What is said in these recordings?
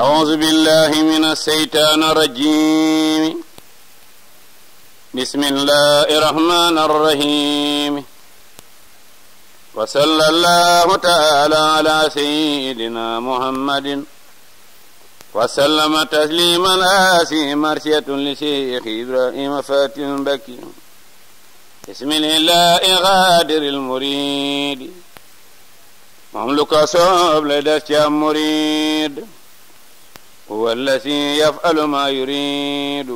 أعوذ بالله من الشيطان الرجيم بسم الله الرحمن الرحيم وصلى الله تعالى على سيدنا محمد وسلم تسليما آسي مرسية لشيخ إبراهيم فاتح بكي بسم الله غادر المريد مملك صوب لدى مريد هو الذي يفعل ما يريد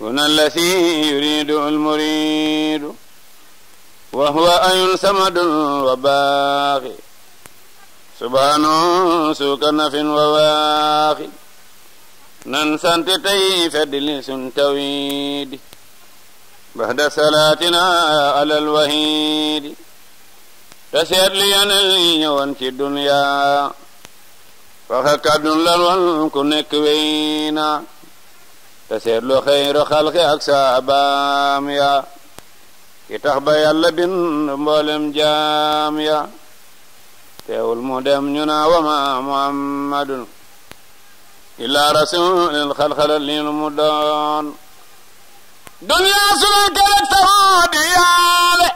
هنا الذي يريد المريد وهو أي سمد وباقي سبحانه سوك نف وواقي nan sant tey feddli sun tawidi baxda salaatina alal wahiidi te seet li yeneen yi ñëwoon ci duniyaa waxa kàddun lan wan nekk wey te seetlu xëyru xalqi ak saabaam ya ki tax ba yàlla bind mboolem jaam ya teewul mu dem ñu naa wama muhammadun illa rasulil xalxala lil mu doon dunya sunu kërëg taxoo di yaale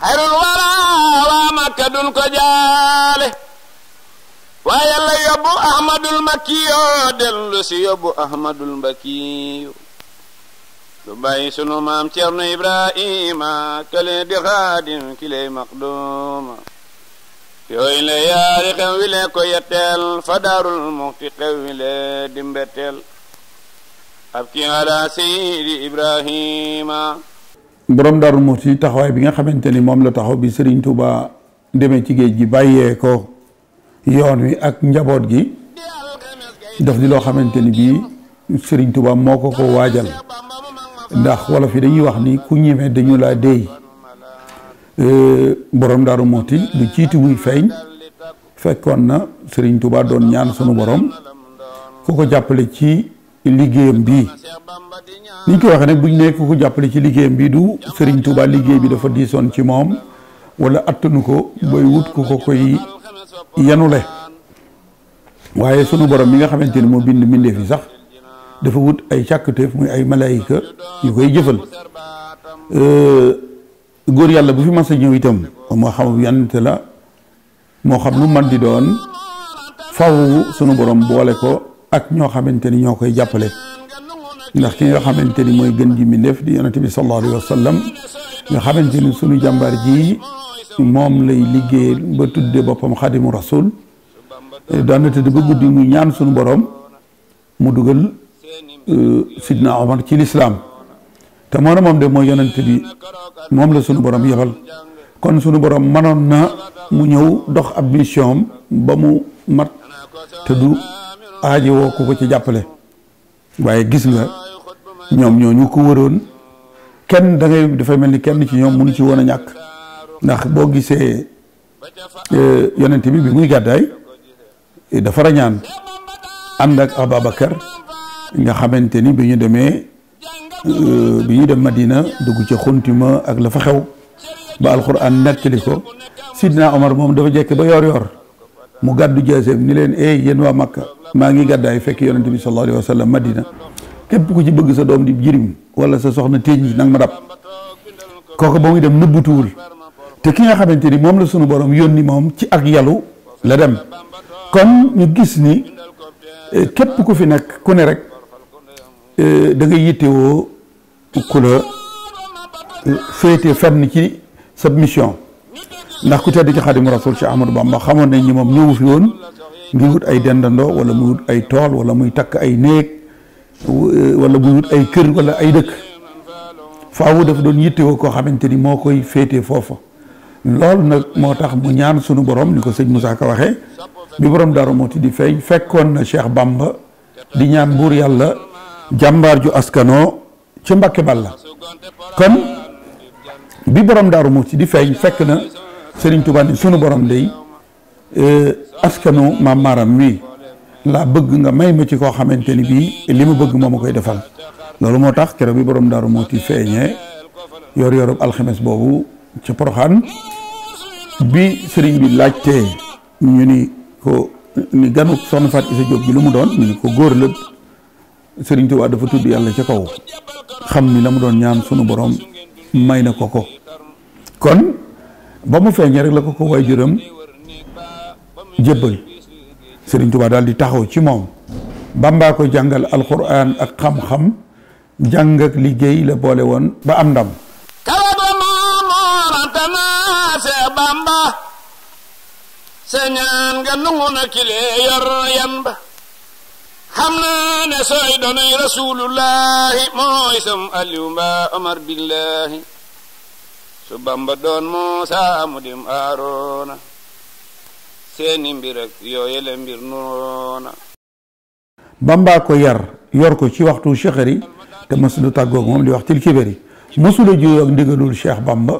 xayrul wara waa makka dun ko jaale waaye yàlla yóbbu ahmadul makkiyo dellu si yóbbu ahmadul mbakkiyo lu bàyyi sunu maam ceerno ibrahima kële di xaadim kiley maqduma yooyu le yaari xew wi le ko yetteel fa daarul muxti xew wi le di mbetteel ab ki ala seydi ibrahima borom daarul muxti taxawaay bi nga xamante ni moom la taxaw bi sëriñ tuba demee ci géej gi bàyyee ko yoon wi ak njaboot gi daf di loo xamante ni bii Sëriñ Tuubaa moo ko ko waajal ndax wolof yi dañuy wax ni ku ñeme dañu laa déey euh, boroom daaru mooti lu ciiti muy feeñ fekkoon na Sëriñ Tuubaa doon ñaan sunu borom ku ko jàppale ci liggéeyam bi ni ñu waxee nag bu ñu jàppale ci liggéeyam bi du Sëriñ Tuubaa liggéey bi dafa diisoon ci moom wala attanu ko booy wut ku ko koy yanule waaye sunu borom bi nga xamante ni moo bind mbindeef yi sax dafa wut ay càkkutéef muy ay malaayika yu koy jëfal góor yàlla bu fi mas a ñëw itam moo xam yante la moo xam lu man di doon faw sunu borom boole ko ak ñoo xamante ni ñoo koy jàppale ndax ki nga xamante ni mooy gën ji mbindeef di yonente bi sallallahu alayhi nga xamante sunu jàmbaar ji moom lay liggéey ba tudde boppam xadimu rasul daan na tëdd ba guddi mu ñaan suñu borom mu dugal euh, sidna omar ci lislaam te moo ne moom bi moom la sunu borom yebal kon sunu borom manoon na mu ñëw dox ab mission ba mu mat te du aajowoo ku ko ci jàppale waaye gis nga ñoom ñoo ñu ko wëroon kenn da ngay mel ni kenn ci ñoom mënu ci woon ñàkk ndax boo gisee euh, yonent bi bi muy gàddaay euh, dafa rañaan ànd ak Ababacar nga xamante ni bi ñu demee euh, bi ñu dem Madina dugg ci xuntima ak la fa xew ba alxuraan nettali ko Sidna Omar moom dafa jekk ba yor yor mu gàddu jaaseem ni leen eh yéen waa Makka maa ngi gàddaay fekk yonent bi sallallahu alayhi wa sallam ku ci bëgg sa doom di jirim wala sa soxna téeñ nag ma dab kooku ba muy dem nëbbutuwul te ki nga xamante ni moom la sunu borom yónni moom ci ak yalu la dem kon ñu gis ni eh, képp ku fi nekk ku ne rek eh, dangay nga yittewoo ku la eh, féete fenn ci sa mission ndax ku tedd ci xadimu rasul ci Ahmadou Bamba xamoon nañ ni moom ñëwu fi woon ngir wut ay dendandoo wala muy wut ay tool wala muy takk ay néeg walla muy wut ay kër wala ay dëkk faawu dafa doon yittewoo koo xamante ni moo koy féete foofu loolu nag moo tax mu ñaan sunu borom ni ko sëñ mu Ka waxee bi borom Daaru Muxti di feeñ fekkoon na Cheikh Bamba di ñaan buur yàlla jàmbaar ju askanoo ci Mbàkke Balla kon bi borom Daaru Muxti di feeñ fekk na Sëriñ Tuubaa sunu borom day e, askano maam maaram wi laa bëgg nga may ma ci koo xamante ni bii li ma bëgg moom ma koy defal loolu moo tax keroog bi borom Daaru Muxti feeñee yor yorub alxames boobu ca Poroxaan bi sëriñ bi laajtee ñu ni ko ni ganu soxna Faat Isa Jóob bi lu mu doon ñu ni ko góor la sëriñ Tuubaa dafa tudd yàlla ca kaw xam ni la mu doon ñaan sunu borom may na ko ko kon ba mu feeñee rek la ko ko waajuram jébbal sëriñ Tuubaa daal di taxaw ci moom Bàmbaa ko jàngal alxuraan ak xam-xam jàng ak liggéey la boole woon ba am ndam Bamba sa ñaan nga nangu na kilee yor yan ba xam naa ne sooy rasulullahi mooy sam aliw mbaa omar billahi su Bamba doon Muusa mu dim Aaroona seeni mbir ak yooyele mbir nuroona Bamba ko yar yor ko ci waxtu chekhéri te mësulu tàggoog moom di wax til kibéri mësula juyoo ak ndigalul Cheikh Bamba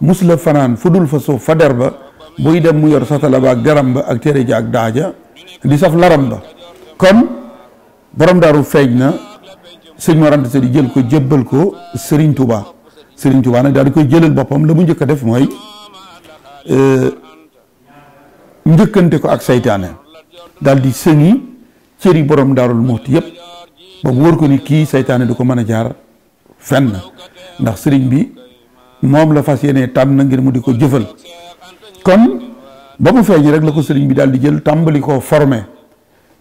mus la fanaan fu dul fa suuf fa der ba buy dem mu yor satala ba ak garam ba ak tere ja ak daaja di saf laram ba kon borom daaru feeñ na sëñ Mor Anta Sali jël ko jëbbal ko Serigne Touba Serigne Touba nag daal di koy jëlal boppam la mu njëkk def mooy euh, njëkkante ko ak saytaane daal di sëñi cëri borom daarul Muxti yëpp ba mu wóor ko ni kii saytaane du ko mën a jaar fenn ndax sëriñ bi moom la fas yenee tànn na ngir mu di ko jëfal kon ba mu feeñ rek la ko sëriñ bi daal di jël tàmbali ko formé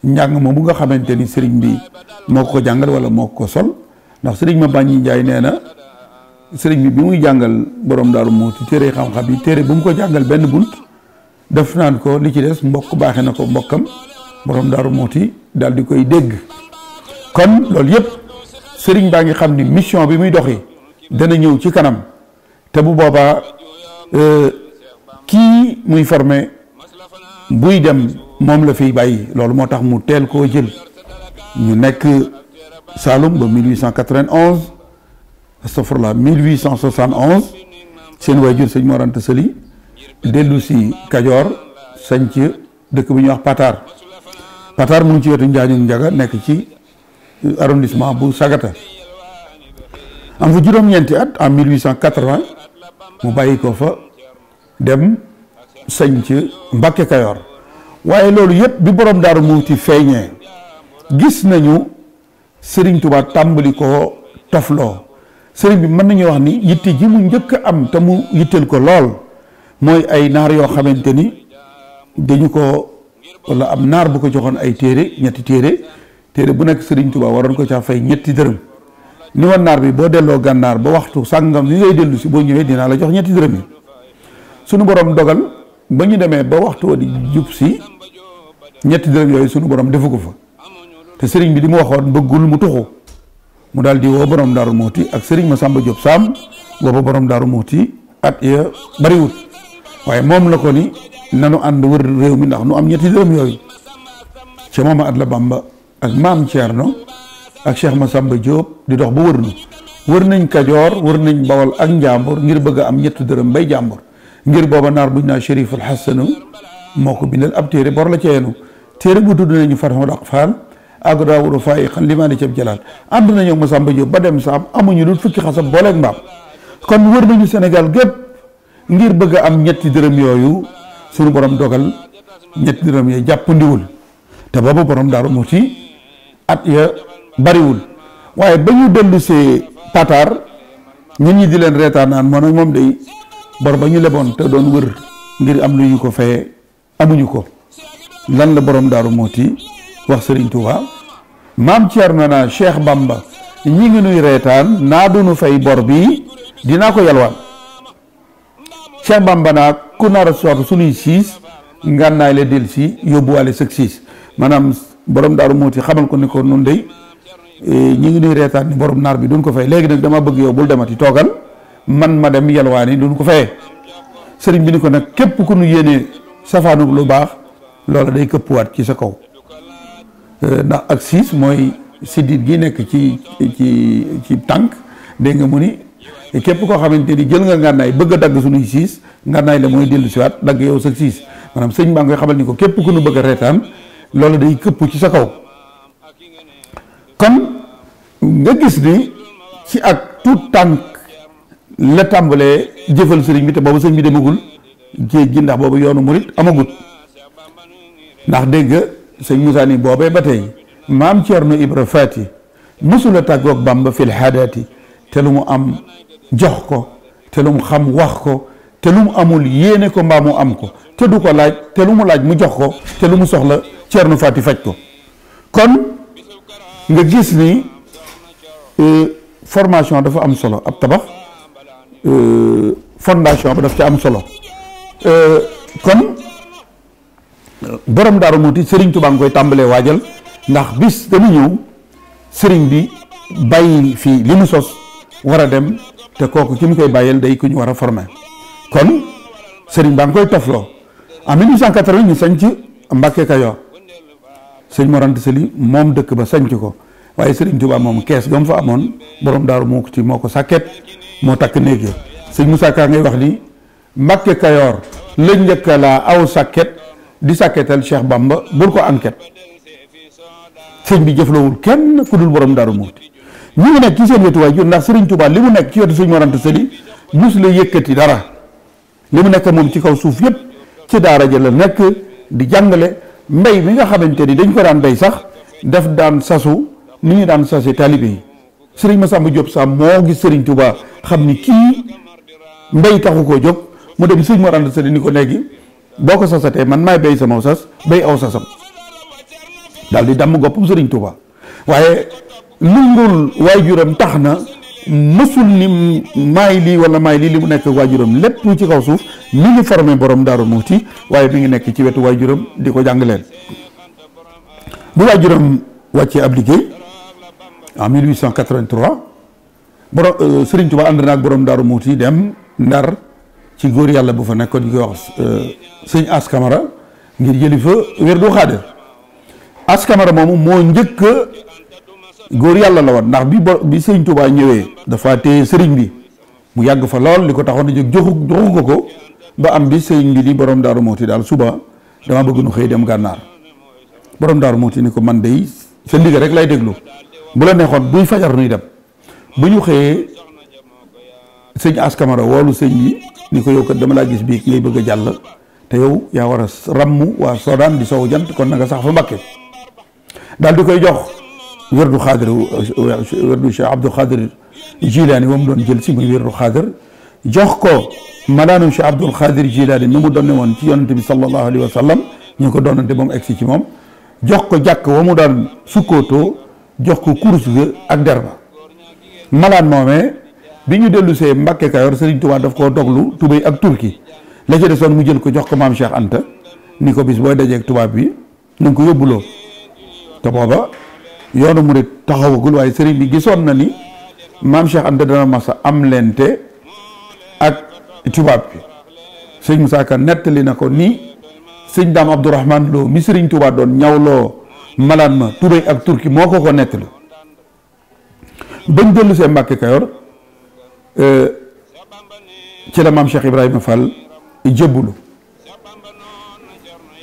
njàng ma moomu nga xamante ni sëriñ bi moo ko jàngal wala mook ko sol ndax sëriñ ma bàññi njaay nee na sëriñ bi bi muy jàngal borom daaru mooti téere xam-xam yi téere bu mu ko jàngal benn bunt def naan ko li ci des mbokk baaxe na ko mbokkam borom daaru mooti daal di koy dégg kon loolu yëpp sëriñ baa ngi xam ni mission bi muy doxi dana ñëw ci kanam te bu boobaa euh, kii muy forme buy dem moom la fiy bàyyi loolu moo tax mu teel koo jël ñu nekk Saloum ba 1891 astafurlah 1871 seen waajur sëñ Mor Anta Sali dellu si Kajoor sanc dëkk bu ñuy wax Patar Patar mu ci wetu Njaañu Njaga nekk ci euh, arrondissement bu Sagata am fa juróom-ñeenti at en mu bàyyi ko fa dem sañ ci Mbàkke Kayoor waaye loolu yëpp bi borom Daaru Muuti feeñee gis nañu Sëriñ Tuubaa tàmbali ko tofloo sëriñ bi mën nañu wax ni yitte ji mu njëkk am te mu yitteel ko lool mooy ay naar yoo xamante ni dañu ko walla am naar bu ko joxoon ay téere ñetti téere téere bu nekk Sëriñ Tuubaa waroon ko caa fay ñetti dërëm ni woon naar bi boo delloo gànnaar ba waxtu sàngam li ngay dellu si boo ñëwee dinaa la jox ñetti dërëm yi sunu borom dogal ba ñu demee ba waxtu di jub si ñetti dërëm yooyu sunu borom defu ko fa te sëriñ bi di mu waxoon bëggul mu tuxu mu daal di woo borom daaru Mouti ak sëriñ Masamba Diop Sam booba borom daaru Mouti at ya bariwut waaye moom la ko ni nanu ànd wër réew mi ndax nu am ñetti dërëm yooyu ca mooma at la Bamba ak maam Thierno. ak Cheikh Massamba Diop di dox ba wër nu wër nañ Kajoor wër nañ Bawol ak Njàmbur ngir bëgg a am ñetti dërëm bay jàmbur ngir booba naar buñ naa Chérif al Hassanu moo ko bindal ab téere bor la ca yenu téere bu tudd nañu Fatahul Aqfal ak daawuru fayi xan limaani cab jalaal ànd nañu Massamba Diop ba dem saam amuñu lu fukki xasab booleeg mbaam kon wër nañu Sénégal gépp ngir bëgg a am ñetti dërëm yooyu suñu borom dogal ñetti dërëm yooyu jàppandiwul te bariwul waaye ba ñu dellu see ñu ñun ñi di leen reetaan naan moom de bor ba ñu leboon te doon wër ngir am lu ñu ko fayee amuñu ko lan la boroom daaru mooti wax Serigne Touba maam Thierno naa Cheikh Bamba ñi ngi nuy reetaan naa du nu fay bor bi dinaa ko yalwaan Cheikh Bamba naa ku nar a soot suñuy siis ngànnaay la del si yóbbuwaale sëg siis maanaam borom daaru mooti xamal ko ni ko nun day Eh, ñu ngi nuy reetaan ni borom naar bi duñ ko fay léegi nag dama bëgg yow bul demati toogal man ma dem yalwaani duñ ko fayee sëriñ bi ni ko nag képp ku nu yéenee safaanug lu baax loola day këppuwaat ci sa kaw eh, ndax ak siis mooy siddit gi nekk ci ci ci tànk dégg nga mu ni képp koo xamante ni jël nga ngànnaay bëgg a dagg suñuy siis ngànnaay la mooy dellu siwaat dagg yow maanaam sëñ baa ngi koy xamal ni ko képp ku nu bëgg a reetaan loola day këpp ci sa kaw kon nga gis ni ci ak tout tànk la tàmbalee jëfal sëriñ bi te boobu sëriñ bi demagul géej gi ndax boobu yoonu murit amagut ndax dégg nga sëñ Moussa ni boobee ba tey maam Thierno Ibra Fati mësula tàggoog Bamba fil haadaati te lu mu am jox ko te lu mu xam wax ko te lu mu amul yéene ko mbaa mu am ko te du ko laaj te lu mu laaj mu jox ko te lu mu soxla Thierno Fati faj ko kon nga gis ni euh, formation dafa am solo ab tabax euh, fondation ba daf ci am solo euh, kon borom Daaru Muti Serigne Touba nga koy tàmbalee waajal ndax bis dana ñëw Serigne bi bàyyi fii li mu sos war a dem te kooku ki mu koy bàyyeel day ku ñu war a formé kon Serigne baa nga koy tofloo en 1880 ñu sañ ci Mbàkke sëñ Mor Anta Sali moom dëkk ba sanc ko waaye sëriñ Tuubaa moom kees gam fa amoon borom daaru moo ko ci moo ko sàkket moo takk néeg sëñ Moussa Ka ngay wax ni Mbàkke Kayoor la njëkk laa aw sàkket di sàkketal Cheikh Bamba bul ko enquête sëñ bi jëflawul kenn ku dul borom daaru muuti ñu ngi nekk ci seen wetu waay jur ndax sëriñ Tuubaa li mu nekk ci wetu sëñ Mor Anta Sali mus la yëkkati dara li mu nekk moom ci kaw suuf yëpp ci daara ja la nekk di jàngale mbay mi nga xamante ni dañ ko daan bay sax def daan sasu ni ñu daan sase taalibe yi sëriñ Masamba Diop Sam moo gis sëriñ Touba xam ni kii mbay taxu koo jóg mu dem sëriñ Mor Anta Sali ni ko léegi boo ko sasatee man maay bay sama sas bay aw sasam daal di damm goppam sëriñ Touba waaye lungul waajuram tax na mësul ni maay lii wala maay lii li mu nekk waajuram lépp lu ci kaw suuf mi ngi formé boroom Daaru Muxti waaye mi ngi nekk ci wetu waajuram di ko jàngaleel bu waajuram wàccee ab liggéey en 1883 borom euh, Serigne Touba ànd na ak borom Daaru Muxti dem Ndar ci góor yàlla bu fa nekkoon ñu koy wax euh, sëñ As ngir jëli fa wér du xaadir As moomu moo njëkk góor yàlla la woon ndax bi bo bi sëriñ Touba ñëwee dafa téye sëriñ bi mu yàgg fa lool li ko taxoon a jóg joxu joxu ko ko ba am bi sëriñ bi di borom daaru Mouti daal suba dama bëgg nu xëy dem gànnaar borom daaru Mouti ko man day sa rek lay déglu bu la neexoon buy fajar nuy dem bu ñu xëyee sëñ askamara woolu sëñ bi ni ko yow dama laa gis bii ngay bëgg a jàll te yow yaa war a ràmm waa Sodaan di sow jant kon na nga sax fa Mbàkke daal di koy jox. werdu xaadir werdu Cheikh Abdou Xaadir Jilaani wa mu doon jël si muy werdu xaadir jox ko malaanum Cheikh Abdou Xaadir Jilaani mi mu donne woon ci yonante bi sallallahu alayhi wa sallam ñu ko doonante moom egsi ci moom jox ko jàkk wa mu daan sukkootoo jox ko kurus ga ak derba malaan moomee bi ñu dellusee see Mbàkke Kayoor Sëriñ Tuubaa daf koo doglu tubéy ak turki la ca desoon mu jël ko jox ko maam Cheikh Anta ni ko bis booy dajeeg tubaab bi na nga ko yóbbuloo te booba yoonu murit taxawagul waaye sëriñ bi gisoon na ni maam Cheikh Anta dana masa am lente ak tubaab bi sëñ Moussa Ka nettali na ko ni sëñ Daam Abdourahman loo mi sëriñ Tuubaa doon ñawloo malaan ma Touré ak turki moo ko ko nettali bañ dellu see Mbàkke Kajoor eh, ci la maam Cheikh Ibrahima Fall jëbbulu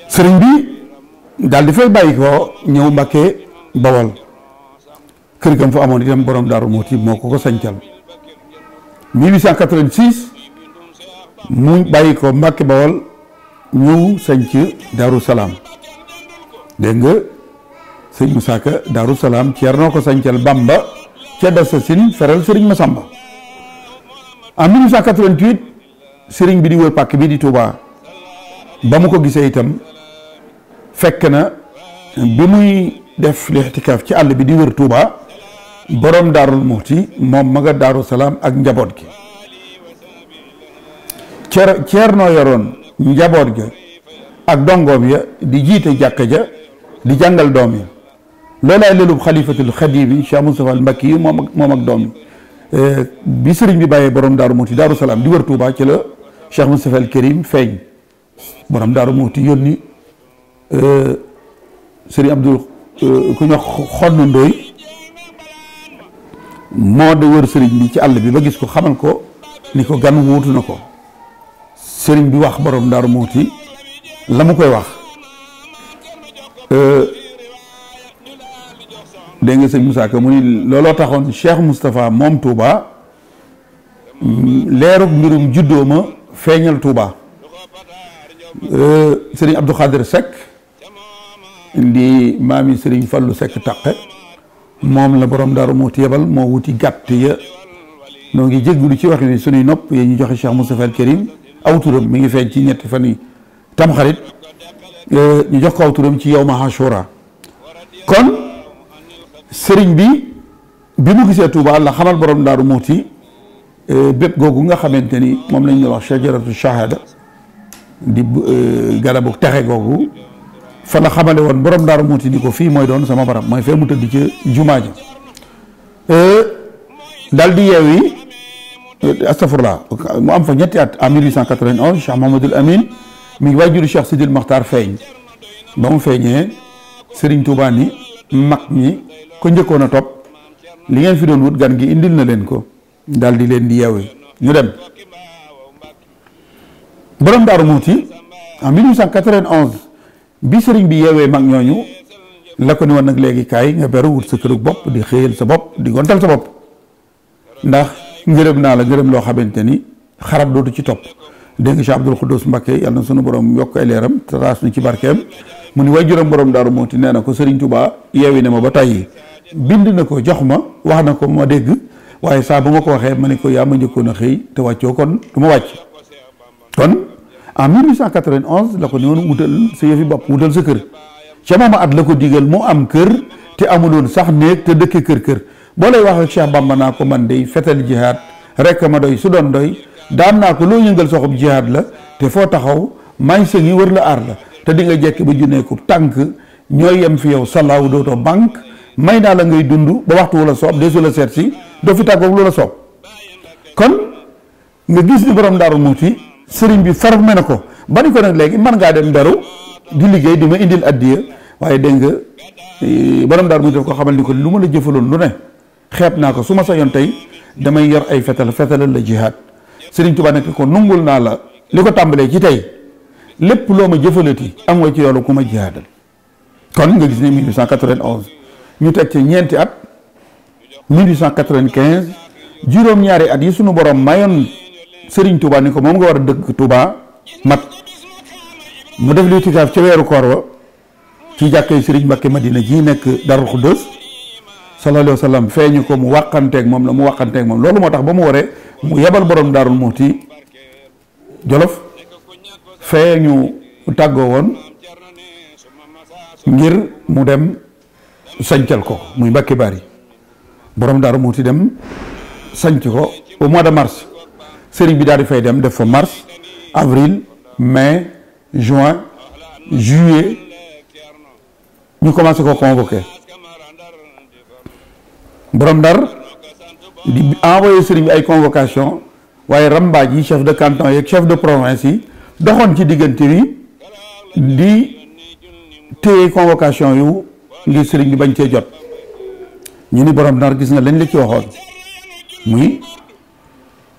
sëriñ bi daal di fay bàyyi ko ñëw Mbàkke bawal kër gam fa amoon itam borom daaru mooti moo ko ko sancal mu bàyyi ko Mbàkke bawal ñëw sanc daaru salaam dégg nga sëñ Moussa Ka daaru salaam ceernoo ko sancal Bamba ca Dasasin feral Serigne Massamba en 1888 Serigne bi di wër pàkk bi di Touba ba mu ko gisee itam fekk na bi muy def lixtikaaf ci àll bi di wër Touba borom daarul muxti moom ma nga daaru salaam ak njaboot gi cer ceernoo yoroon njaboot ga ak dongoom ya di jiite jàkka ja di jàngal doom yi loolaay lelub xalifatul xadim yi Cheikh Moustapha al Mbakki yi moom ak moom doom yi eh, bi sëriñ bi bàyyee borom daaru muxti daaru salaam di wër Touba ci la Cheikh Moustapha al Karim feeñ borom daaru muxti yónni eh, sëriñ Abdul Euh, ku ñu xonn ndóoy moo de wër sëriñ bi ci àll bi ba gis ko xamal ko ni ko gan wuutu na ko sëriñ bi wax borom daaru muuti la mu koy wax euh, dégg nga sëñ Moussa Ka mu ni looloo taxoon Cheikh Moustapha moom Touba mm, leerug mbirum juddoo ma feeñal tuuba euh, sëriñ Abdou Khadir Seck li maami Serigne Fallou Seck taqe moom la borom Daaru Muxti yebal moo wuti gàtt ya noo ngi jéggulu ci wax ni suñuy nopp yéen ñu joxe Cheikh Moustapha al Karim aw mi ngi feeñ ci ñetti fan yi tamxarit e, ñu jox ko aw turam ci yow ma Ashura kon sëriñ bi bi mu gisee Touba la xamal borom Daaru Muxti e, bépp googu nga xamante ni moom lañ la wax shajaratu shahada di e, garabu texe googu fa la xamale woon borom daaru muuti ni ko fii mooy doon sama barab mooy fee mu tëdd ci jumaa ji e, daal di yeew yi astafurlah mu am fa ñetti at en 1891 Cheikh Mahamadul Amin mi ngi waajuru Cheikh Sidil Maxtaar feeñ ba mu feeñee Serigne Touba ni mag ñi ko njëkkoon a topp li ngeen fi doon wut gan gi indil na leen ko daal di leen di yeew yi ñu dem borom daaru muuti en 1891 bi sëriñ bi yeewee mag ñooñu la ko ni woon nag léegi kaay nga beru wut sa kërug bopp di xëyal sa bopp di gontal sa bopp ndax ngërëm naa la ngërëm loo xamante ni xarab dootu ci topp dégg nga Cheikh Abdoul Khoudous Mbacké yàlla na sunu borom yokk ay leeram taraas na ci barkeem mu ni way juróom borom daaru mooti nee na ko sëriñ Touba yeewi ne ma ba tàyyi bind na ko jox ma wax na ko ma dégg waaye saa bu ma ko waxee ma ne ko yaa ma njëkkoon a xëy te wàccoo kon du ma wàcc en 1891 la ko ne woon wutal sa yëfi bopp wutal sa kër ca moom at la ko digal mu am kër te amuloon sax néeg te dëkke kër kër boo lay wax ak Cheikh Bamba naa ko man dey fetal jihaad rek ma doy su doon doy daan naa ko loo yëngal soxob jihaad la te foo taxaw may sëñ yi wër la aar la te di nga jekk ba junneeku tànk ñooy yem fi yow salaaw dootoo banque may naa la ngay dund ba waxtu wu la soob desu la seet si doo fi tàggoog lu la soob kon nga gis ni borom daaru muuti sëriñ bi formé na ko ba ni ko nag léegi man ngaa dem daru di liggéey di ma indil addiya waaye dégg nga eh, borom daal mu def ko xamal ni ko lu ma la jëfaloon lu ne xeeb naa ko su ma sañoon tey damay yor ay fetal fetalal la jihaad sëriñ Tuubaa nekk ko nungul naa la li ko tàmbalee ci tey lépp loo ma jëfalati am nga ci yoolu ku ma jihaadal kon nga gis ne 1891 ñu teg ci ñeenti at 1895 juróom-ñaari at yi sunu borom mayoon sëriñ Touba ni ko moom nga war a dëkk Touba mat mu def li itikaaf ca weeru koor wa ci jàkkee sëriñ Mbakke Madina ji nekk dara Khoudoss sallallahu alayhi wa feeñu ko mu wàqanteeg moom la mu wàqanteeg moom loolu moo tax ba mu waree mu yebal borom Daaru Muxti Jolof feeñu tàggoo woon ngir mu dem sancal ko muy Mbakke Bari borom Daaru Muxti dem sanc ko au mois de mars sëriñ bi daal di fay dem def fa mars avril mai juin juillet ñu commencé ko convoqué borom ndar di envoyé sëriñ bi ay convocation waaye rambaaj yi chef de canton yeeg chef de province yi doxoon ci diggante bi di téye convocation yu ngir sëriñ bi bañ cee jot ñu ni borom ndar gis nga lañ la ci waxoon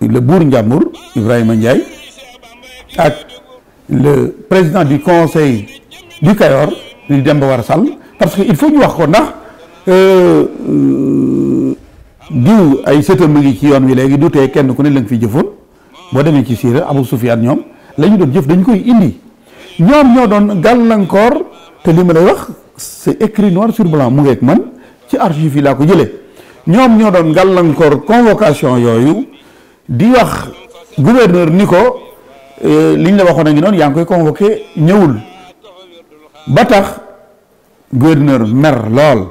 le buur Ndiambour Ibrahima Ndiaye ak le président du conseil du Kayor di Demba War Sall parce que il faut ñu wax ko ndax euh, euh, diw ay sëtam a ngi ci yoon wi léegi du tee kenn ku ne la nga jëfoon boo demee ci Siira Abu Sufyaan ñoom la ñu doon jëf dañu koy indi ñoom ñoo doon gàllankoor te li ma lay wax c'est écrit noir sur blanc mu ngeeg man ci archive yi laa ko jëlee ñoom ñoo doon gàllankoor convocation yooyu di wax gouverneur ni ko euh, li ñu la waxoon a ngi noonu yaa ngi koy convoqué ñëwul ba tax gouverneur mer lool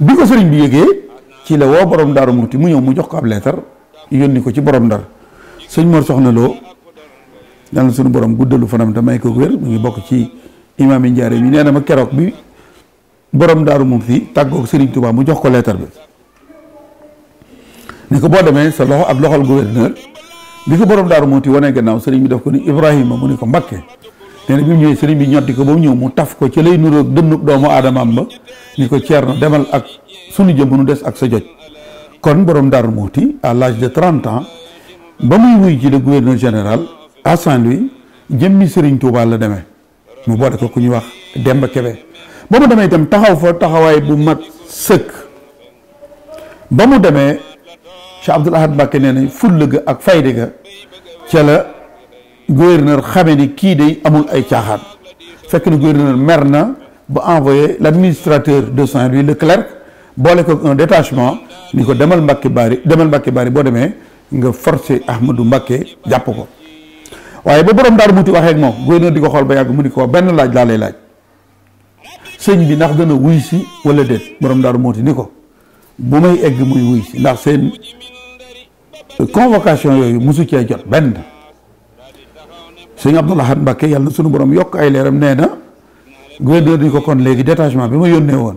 bi ko sëriñ bi yëgee ci la woo borom daaru muti mu ñëw mu jox ko ab leetar yónni ko ci borom ndar sëñ Mor Soxna Lo yàlla na suñu borom guddalu fanam te may ko wér mu ngi bokk ci imaam yi njaare mi nee na ma keroog bi borom daaru muti tàggoog sëriñ Touba mu jox ko leetar bi ni ko boo demee sa loxo ak loxol gouverneur bi fi borom daaru muuti wane gannaaw sëriñ bi def ko ni Ibrahima mu ni ko Mbakke nee na bi mu ñëwee bi ñotti ko ba mu mu taf ko ci lay nuroog dënnu doomu aadamaam ba ni ko Ceerno demal ak sunu jëmm nu des ak sa jot kon borom daaru Mouti à l'âge de trente ans ba muy wuy ci le gouverneur général à Saint-Louis jëmmi sëriñ tuubaal la demee mu boole ko ku ñuy wax dem Demba Kebe ba mu demee itam taxaw fa taxawaay bu mat sëkk ba mu demee Cheikh Abdoul Ahad Mbacké nee na fulla ga ak fayde ga ca la gouverneur xamee ni kii day amul ay caaxaan fekk na gouverneur mer na ba envoyé l' administrateur de Saint-Louis le clerc boole ko un détachement ni ko demal Mbacké Bari demal Mbacké Bari boo demee nga forcé Ahmadou Mbacké jàpp ko waaye ba borom daal muti waxee ak moom gouverneur di ko xool ba yàgg mu ni ko benn laaj laa lay laaj sëñ bi ndax dana wuy si wala déet borom daal muuti ni ko bu may convocation yooyu mosu cee jot benn sëñ Abdou Lahad Mbacké yàlla na sunu borom yokk ay leeram nee na gouverneur ni ko kon léegi détachement bi ma yónnee woon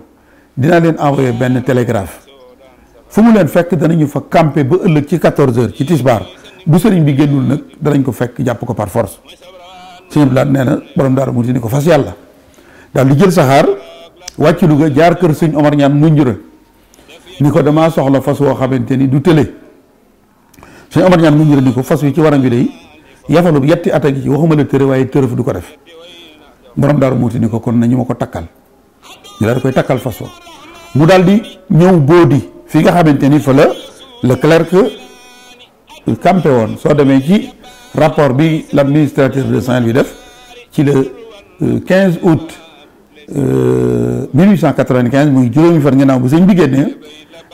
dinaa leen envoyé benn télégraphe fu mu leen fekk danañu fa camper ba ëllëg ci 14 heures ci tisbaar bu sëriñ bi génnul nag danañ ko fekk jàpp ko par force sëñ Abdou Lahad nee na borom daaru muti ni ko fas yàlla daal di jël saxaar wàcc Louga jaar kër sëñ Omar ñaan munjure ni ko damaa soxla fas woo xamante ni du tële suñu Omar ñaan mu njëriñ ko fas wi ci waram bi day yafalu yetti at a ngi ci waxuma la tërë waaye tërëf du ko def borom daaru muuti ni ko kon nañu ma ko takkal ñu koy takkal faso mu daal di ñëw boodi fi nga xamante ni fa la le clerc campé woon soo demee ci rapport bi l'administratif de saint bi def ci le 15 euh, août 1895 euh, muy juróomi fan ginnaaw bu sëñ bi génnee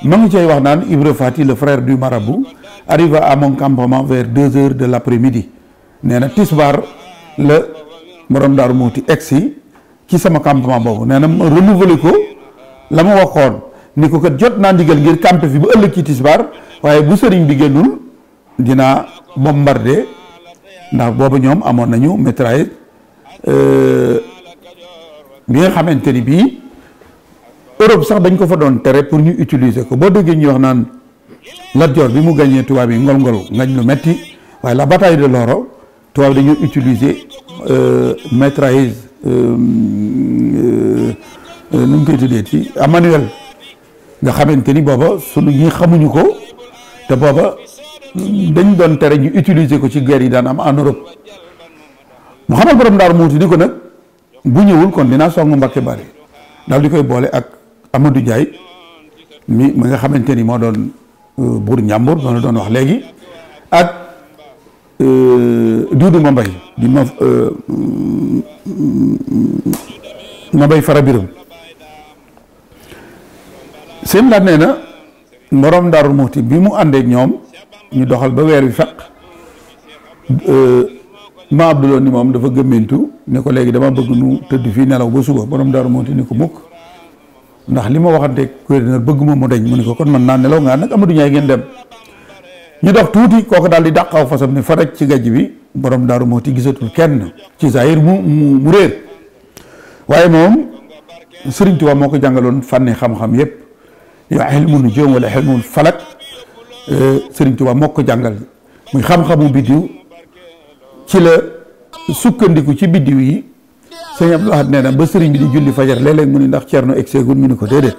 ma ngi cay wax naan Ibra Fati le frère du marabout arrivé à mon campement vers deux heures de l'après-midi nee na tisbaar la borom daaru muuti egsi ci sama campement boobu nee na ma renouvelé la ma waxoon ni ko kat jot naa ndigal ngir campé fi ba ëllëg ci tisbaar waaye bu sëriñ bi génnul dinaa bombardé ndax boobu ñoom amoon nañu mitraille euh, bi nga xamante ni bii Europe sax dañ ko fa doon tere pour ñu utiliser ko boo déggee ñuy wax naan Lat bi mu gañee tubaab yi ngol-ngol ngañ lu metti waaye la bataille de Loro tubaab dañu utiliser euh, mitrailleuse euh, euh, nu ñu koy tuddee ci à nga xamante ni booba sunu ñi xamuñu ko te booba dañ doon tere ñu utiliser ko ci guerre yi daan am en Europe mu xamal borom Daaru Muuti ni ko nag bu ñëwul kon dinaa song Mbàkke Bari daal di koy boole ak Amadou Ndiaye mi mi nga xamante ni moo doon Euh, buur Njàmbur noonu doon wax léegi ak euh, Duudu Mambay di ma Mambay euh, Fara Biram seen laat nee na moroom Daaru Muxti bi mu àndeek ñoom ñu doxal ba weer wi fekk ma Abdulloo ni moom dafa gëmmentu ne ko léegi dama bëgg nu tëdd fii nelaw ba suba boroom Daaru Muxti ni ko mukk ndax li ma waxante gouverneur bëgguma mu deñ mu ne ko kon man naa nelaw ngaa nag Amadou Ndiaye ngeen dem ñu dox tuuti kooku daal di dàqaw fasam ni fa ci gajj bi borom daaru moo ti gisatul kenn ci zahir mu mu réer waaye moom Sëriñ Tuubaa moo ko jàngaloon fànni xam-xam yépp yow xelmul joom wala xelmul falak euh, Sëriñ muy xam-xamu biddiw ci la sukkandiku ci biddiw yi sëñ Abdou Ahad ba sëriñ bi di julli fajar léeg mu ni ndax Cerno egseegul ñu ni ko déedéet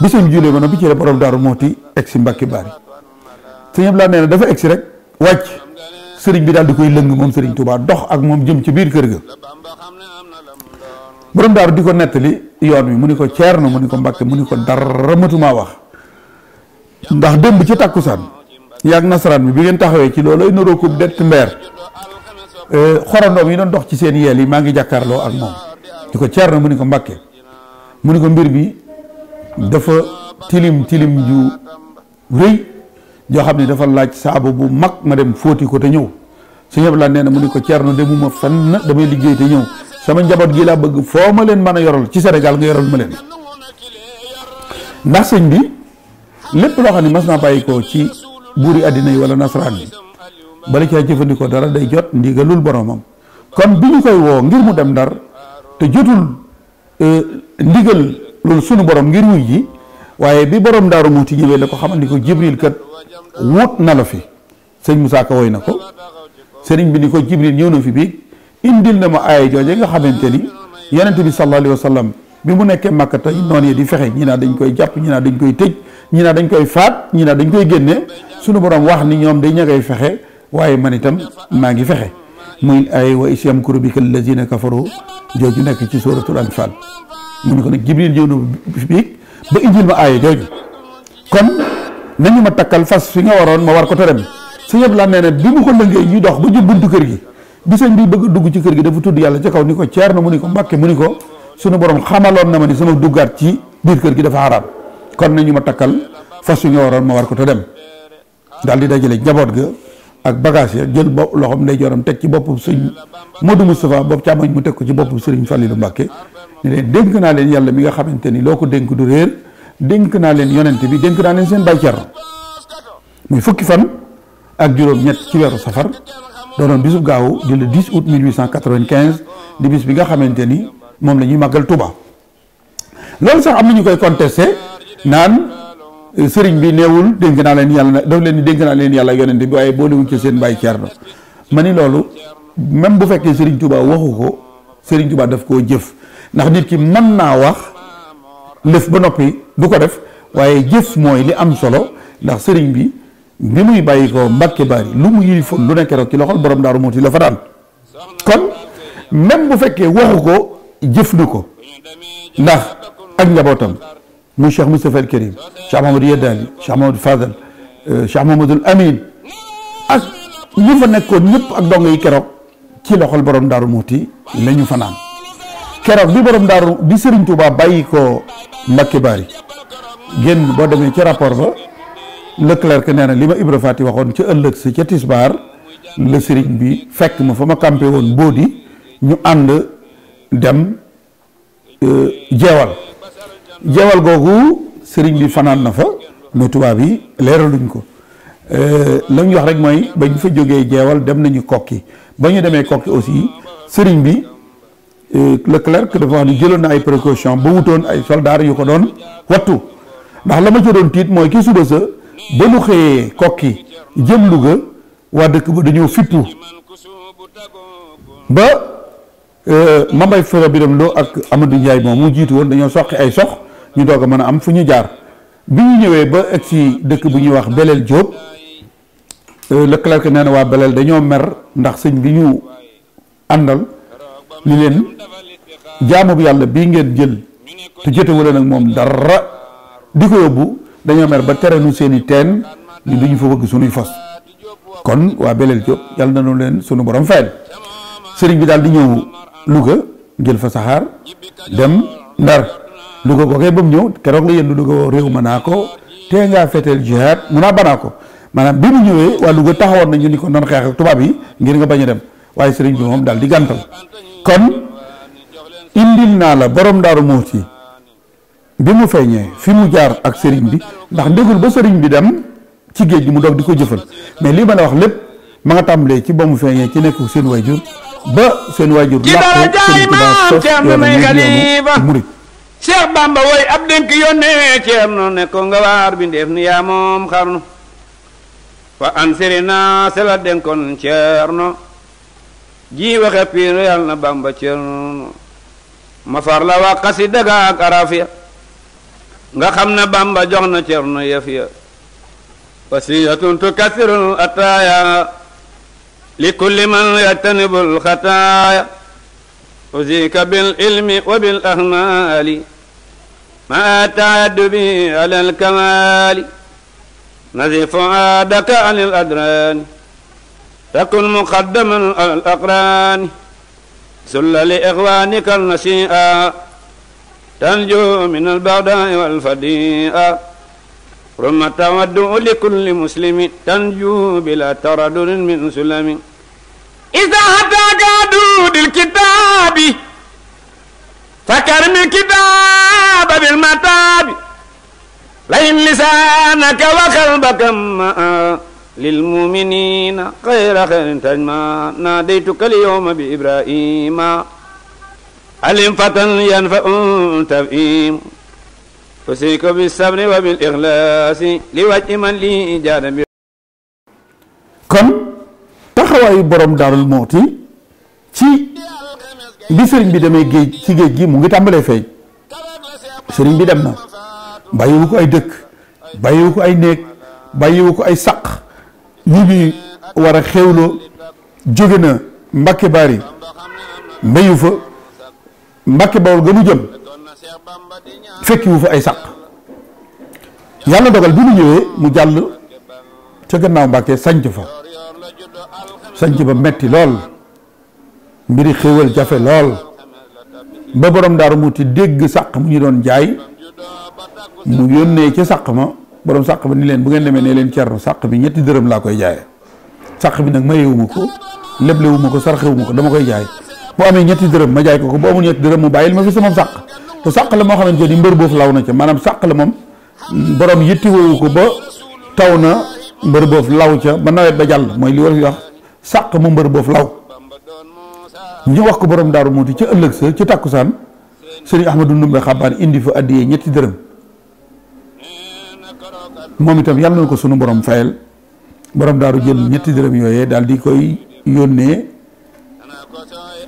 bi sëñ bi jullee ba noppi ci la borom daaru mooti egsi Mbàkke Baari sëñ Abdou Ahad nee rek wàcc sëriñ bi daal di koy lëng moom sëriñ Touba dox ak moom jëm ci biir kër ga borom daaru di ko nettali yoon wi mu ni ko Cerno mu ni ko Mbàkke mu ni ko dara matumaa wax ndax démb ci tàkkusaan yaag nasaraan bi bi ngeen taxawee ci loolay naroo ko dett mbeer Eh, xorandoom yi doon ndox ci seen yeel yi maa ngi jàkkaarloo ak moom di ko ceer na mu ni ko mbàkke mu ni ko mbir bi dafa tilim tilim ju rëy joo xam ne dafa laaj saabu bu mag ma dem fóoti ko te ñëw su ñëpp laa nee mu ni ko ceer ceerno demuma fenn damay liggéey te ñëw sama njaboot gi laa bëgg foo ma leen mën a yoral ci senegal nga yoral ma leen ndax sëñ bi lépp loo xam ne mas naa bàyyi ko ci buuri àddina yi wala nasaraan bi bala caa jëfandikoo dara day jot ndigalul boromam kon bi ñu koy woo ngir mu dem ndar te jotul euh, ndigal loolu sunu borom ngir wuy ji waaye bi borom daaru mu ci ñëwee la ko xamal ni ko jibril kat wut na fi sëñ Moussa Ka woy na ko sëriñ bi ni ko jibril ñëw na fi bi indil na ma aaya jooje nga xamante ni yonente bi sallallahu alayhi wa bi mu nekkee Makka tey noonu yi di fexe ñi naa dañ koy jàpp ñi naa dañ koy tëj ñi naa dañ koy faat ñi naa dañ koy génne sunu borom wax ni day ña fexe waaye man itam maa ngi fexe muy ay wa is yamkuru bika allazina kafaru jooju nekk ci suratul anfal mu ne ko nag jibril ñëw na biig ba indil ma aaya jooju kon nañu ma takkal fas fi waroon ma war ko terem su yëpp bi mu ko lëngee ñu dox ba jub kër gi bi sëñ bi dugg ci kër gi dafa tudd yàlla ca kaw ni ko ceer na mu ni ko mbàkke mu ni ko suñu borom xamaloon na ma ni sama duggaat ci biir kër gi dafa xaraam kon nañu ma takkal fas fi nga waroon ma war ko te dem daal di dajale njaboot ga ak bagage ya jël bopp loxoom nday joram teg ci boppu sëñ Modou Moustapha bopp càmmoñ mu teg ko ci boppu sëriñ Fallilou Mbacké ne leen dénk naa leen yàlla mi nga xamante ni loo ko dénk du réer dénk naa leen yonent bi dénk naa leen seen bay cerno muy fukki fan ak juróom-ñett ci weeru safar doonoon bisub gaawu di le 10 août 1895 di bis bi nga xamante ni moom la ñuy màggal Touba loolu sax am na ñu koy contesté naan sëriñ bi neewul dénk naa leen yàlla daf leen dénk naa leen yàlla yonente bi waaye boolewuñ ci seen bàyyi na ma ni loolu même bu fekkee sëriñ Tuubaa waxu ko sëriñ Tuubaa daf koo jëf ndax nit ki mën naa wax lëf ba noppi du ko def waaye jëf mooy li am solo ndax sëriñ bi bi muy bàyyi ko Mbàkke Bari lu mu yilifoon lu nekk rek ci loxol borom Daaru Muxti la fa daan kon même bu fekkee waxu ko jëf na ko ndax ak njabootam muy Cheikh Moustapha El Karim Cheikh Mamadou Yeddaani Cheikh Mamadou Fadal Cheikh Mamadou Amin ak ñu fa nekkoon ñëpp ak dong yi keroog ci loxol borom daaru muuti la ñu fanaan keroog bi borom daaru bi Serigne Touba bàyyi ko Mbacké Bari génn boo demee ci rapport ba Leclerc nee na li ma Ibra Fati waxoon ca ëllëg si ca Tisbar la Serigne bi fekk ma fa ma campé woon boodi ñu ànd dem euh, jeewal jawal googu sëriñ bi fanaan na fa mais tubaab yi leeraluñ ko euh, la ñu wax rek mooy bañ fa jógee jeewal dem nañu kokki ba ñu demee kokki aussi sëriñ bi euh, Leclerc dafa wax ni jëloon na ay précaution ba wutoon ay soldats yu ko doon wattu ndax la ma ci doon tiit mooy ki suba sa ba nu xëyee kokki jëm Louga waa dëkk ba dañoo fippu ba euh, Mambay bi Biram Lo ak Amadou njaay moom mu jiitu woon dañoo soqi ay sox ñu doog a mën a am fu ñu jaar bi ñu ñëwee ba egg si dëkk bu ñuy wax Belel jóob euh, le clerc nee na waa Belel dañoo mer ndax sëñ bi ñu àndal li leen jaamu bu yàlla bii ngeen jël te jotewuleen ak moom dara di ko yóbbu dañoo mer ba tere nu seeni teen ñu duñu fa bëgg suñuy fas kon waa Belel Diop yàlla na nu leen sunu borom fayal sëriñ bi daal di ñëw Louga jël fa saxaar dem Ndar ko googee ba mu ñëw keroog la yëndu Louga woo réew ma naa ko tee ngaa feeteel jihaad mu naa banaa ko maanaam bi mu ñëwee waa Louga taxawoon nañu ni ko noon xeex ak tubaab yi ngir nga bañ a dem waaye sëriñ bi moom daal di gàntal kon indil naa la borom daaru muuti bi mu feeñee fi mu jaar ak sëriñ bi ndax ndégul ba sëriñ bi dem ci géej gi mu doog di ko jëfal mais lii ma la wax lépp ma nga tàmbalee ci ba mu feeñee ci nekk seen waajur ba seen waajur làqu bi daa sos Cheikh Bamba woy ab dénk yónnee Ceerno ne ko nga waar bi ni yaa moom xarnu fa ansiri naa se la dénkoon Ceerno ji waxe piir yal na Bamba Ceerno ma far la wax xasida ga ak araf nga xam na Bamba jox na Ceerno yëf ya wasiyatun tukasirul ataaya li kulli man yajtanibul xataaya أزيك بالعلم وبالأهمال ما تعد به على الكمال نزف عادك عن الأدران تكن مقدما على الأقران سل لإخوانك النشيئة تنجو من البغداء والفديئة رم تودع لكل مسلم تنجو بلا تردد من سلم إذا هبت وجود الكتاب فكرم الكتاب بالمتاب لئن لسانك وقلبك ما للمؤمنين خير خير تجمع ناديتك اليوم بإبراهيم علم فتى ينفع تفهيم أسيك بالصبر وبالإخلاص لوجه من لي جانب kon taxawaayu borom Daarul Muhti ci bi sëriñ bi demee géej ci géej gi mu ngi tàmbalee feeñ sëriñ bi dem na bàyyiwu ko ay dëkk bàyyiwu ko ay néeg bàyyiwu ko ay saq ñi bi war a xewloo jóge na Mbàkke Bari mbayu fa Mbàkke Bawol ga mu jëm fekkiwu fa ay saq yàlla dogal bi mu ñëwee mu jàll ca gannaaw Mbàkke sanc fa sanc ba metti lool mbiri xéewal jafe lool ba borom daaru muuti dégg sàq mu ñu doon jaay mu yónnee ca saq ma borom saq ba ni leen bu ngeen demee ne leen cerno sàq bi ñetti dërëm laa koy jaaye sàq bi nag mayewuma ko leblewuma ko sarxewuma ko dama koy jaay bu amee ñetti dërëm ma jaay ko ko bu amul ñetti dërëm mu bàyyil ma fi sama sàq te sàq la moo xamante ni mbër boofu law na ca maanaam sàq la moom yitti wowu ko ba taw na mbër boofu law ca ba nawet ba jàll mooy li war wax sàq mu mbër boofu law ñu wax ko borom daaru muuti ca ëllëg sa ci tàkkusaan sëriñ ahmadu ndumbe xabaan indi fa addiyee ñetti dërëm moom itam yàlla na ko sunu borom fayal borom daaru jël ñetti dërëm yooyee daal di koy yónnee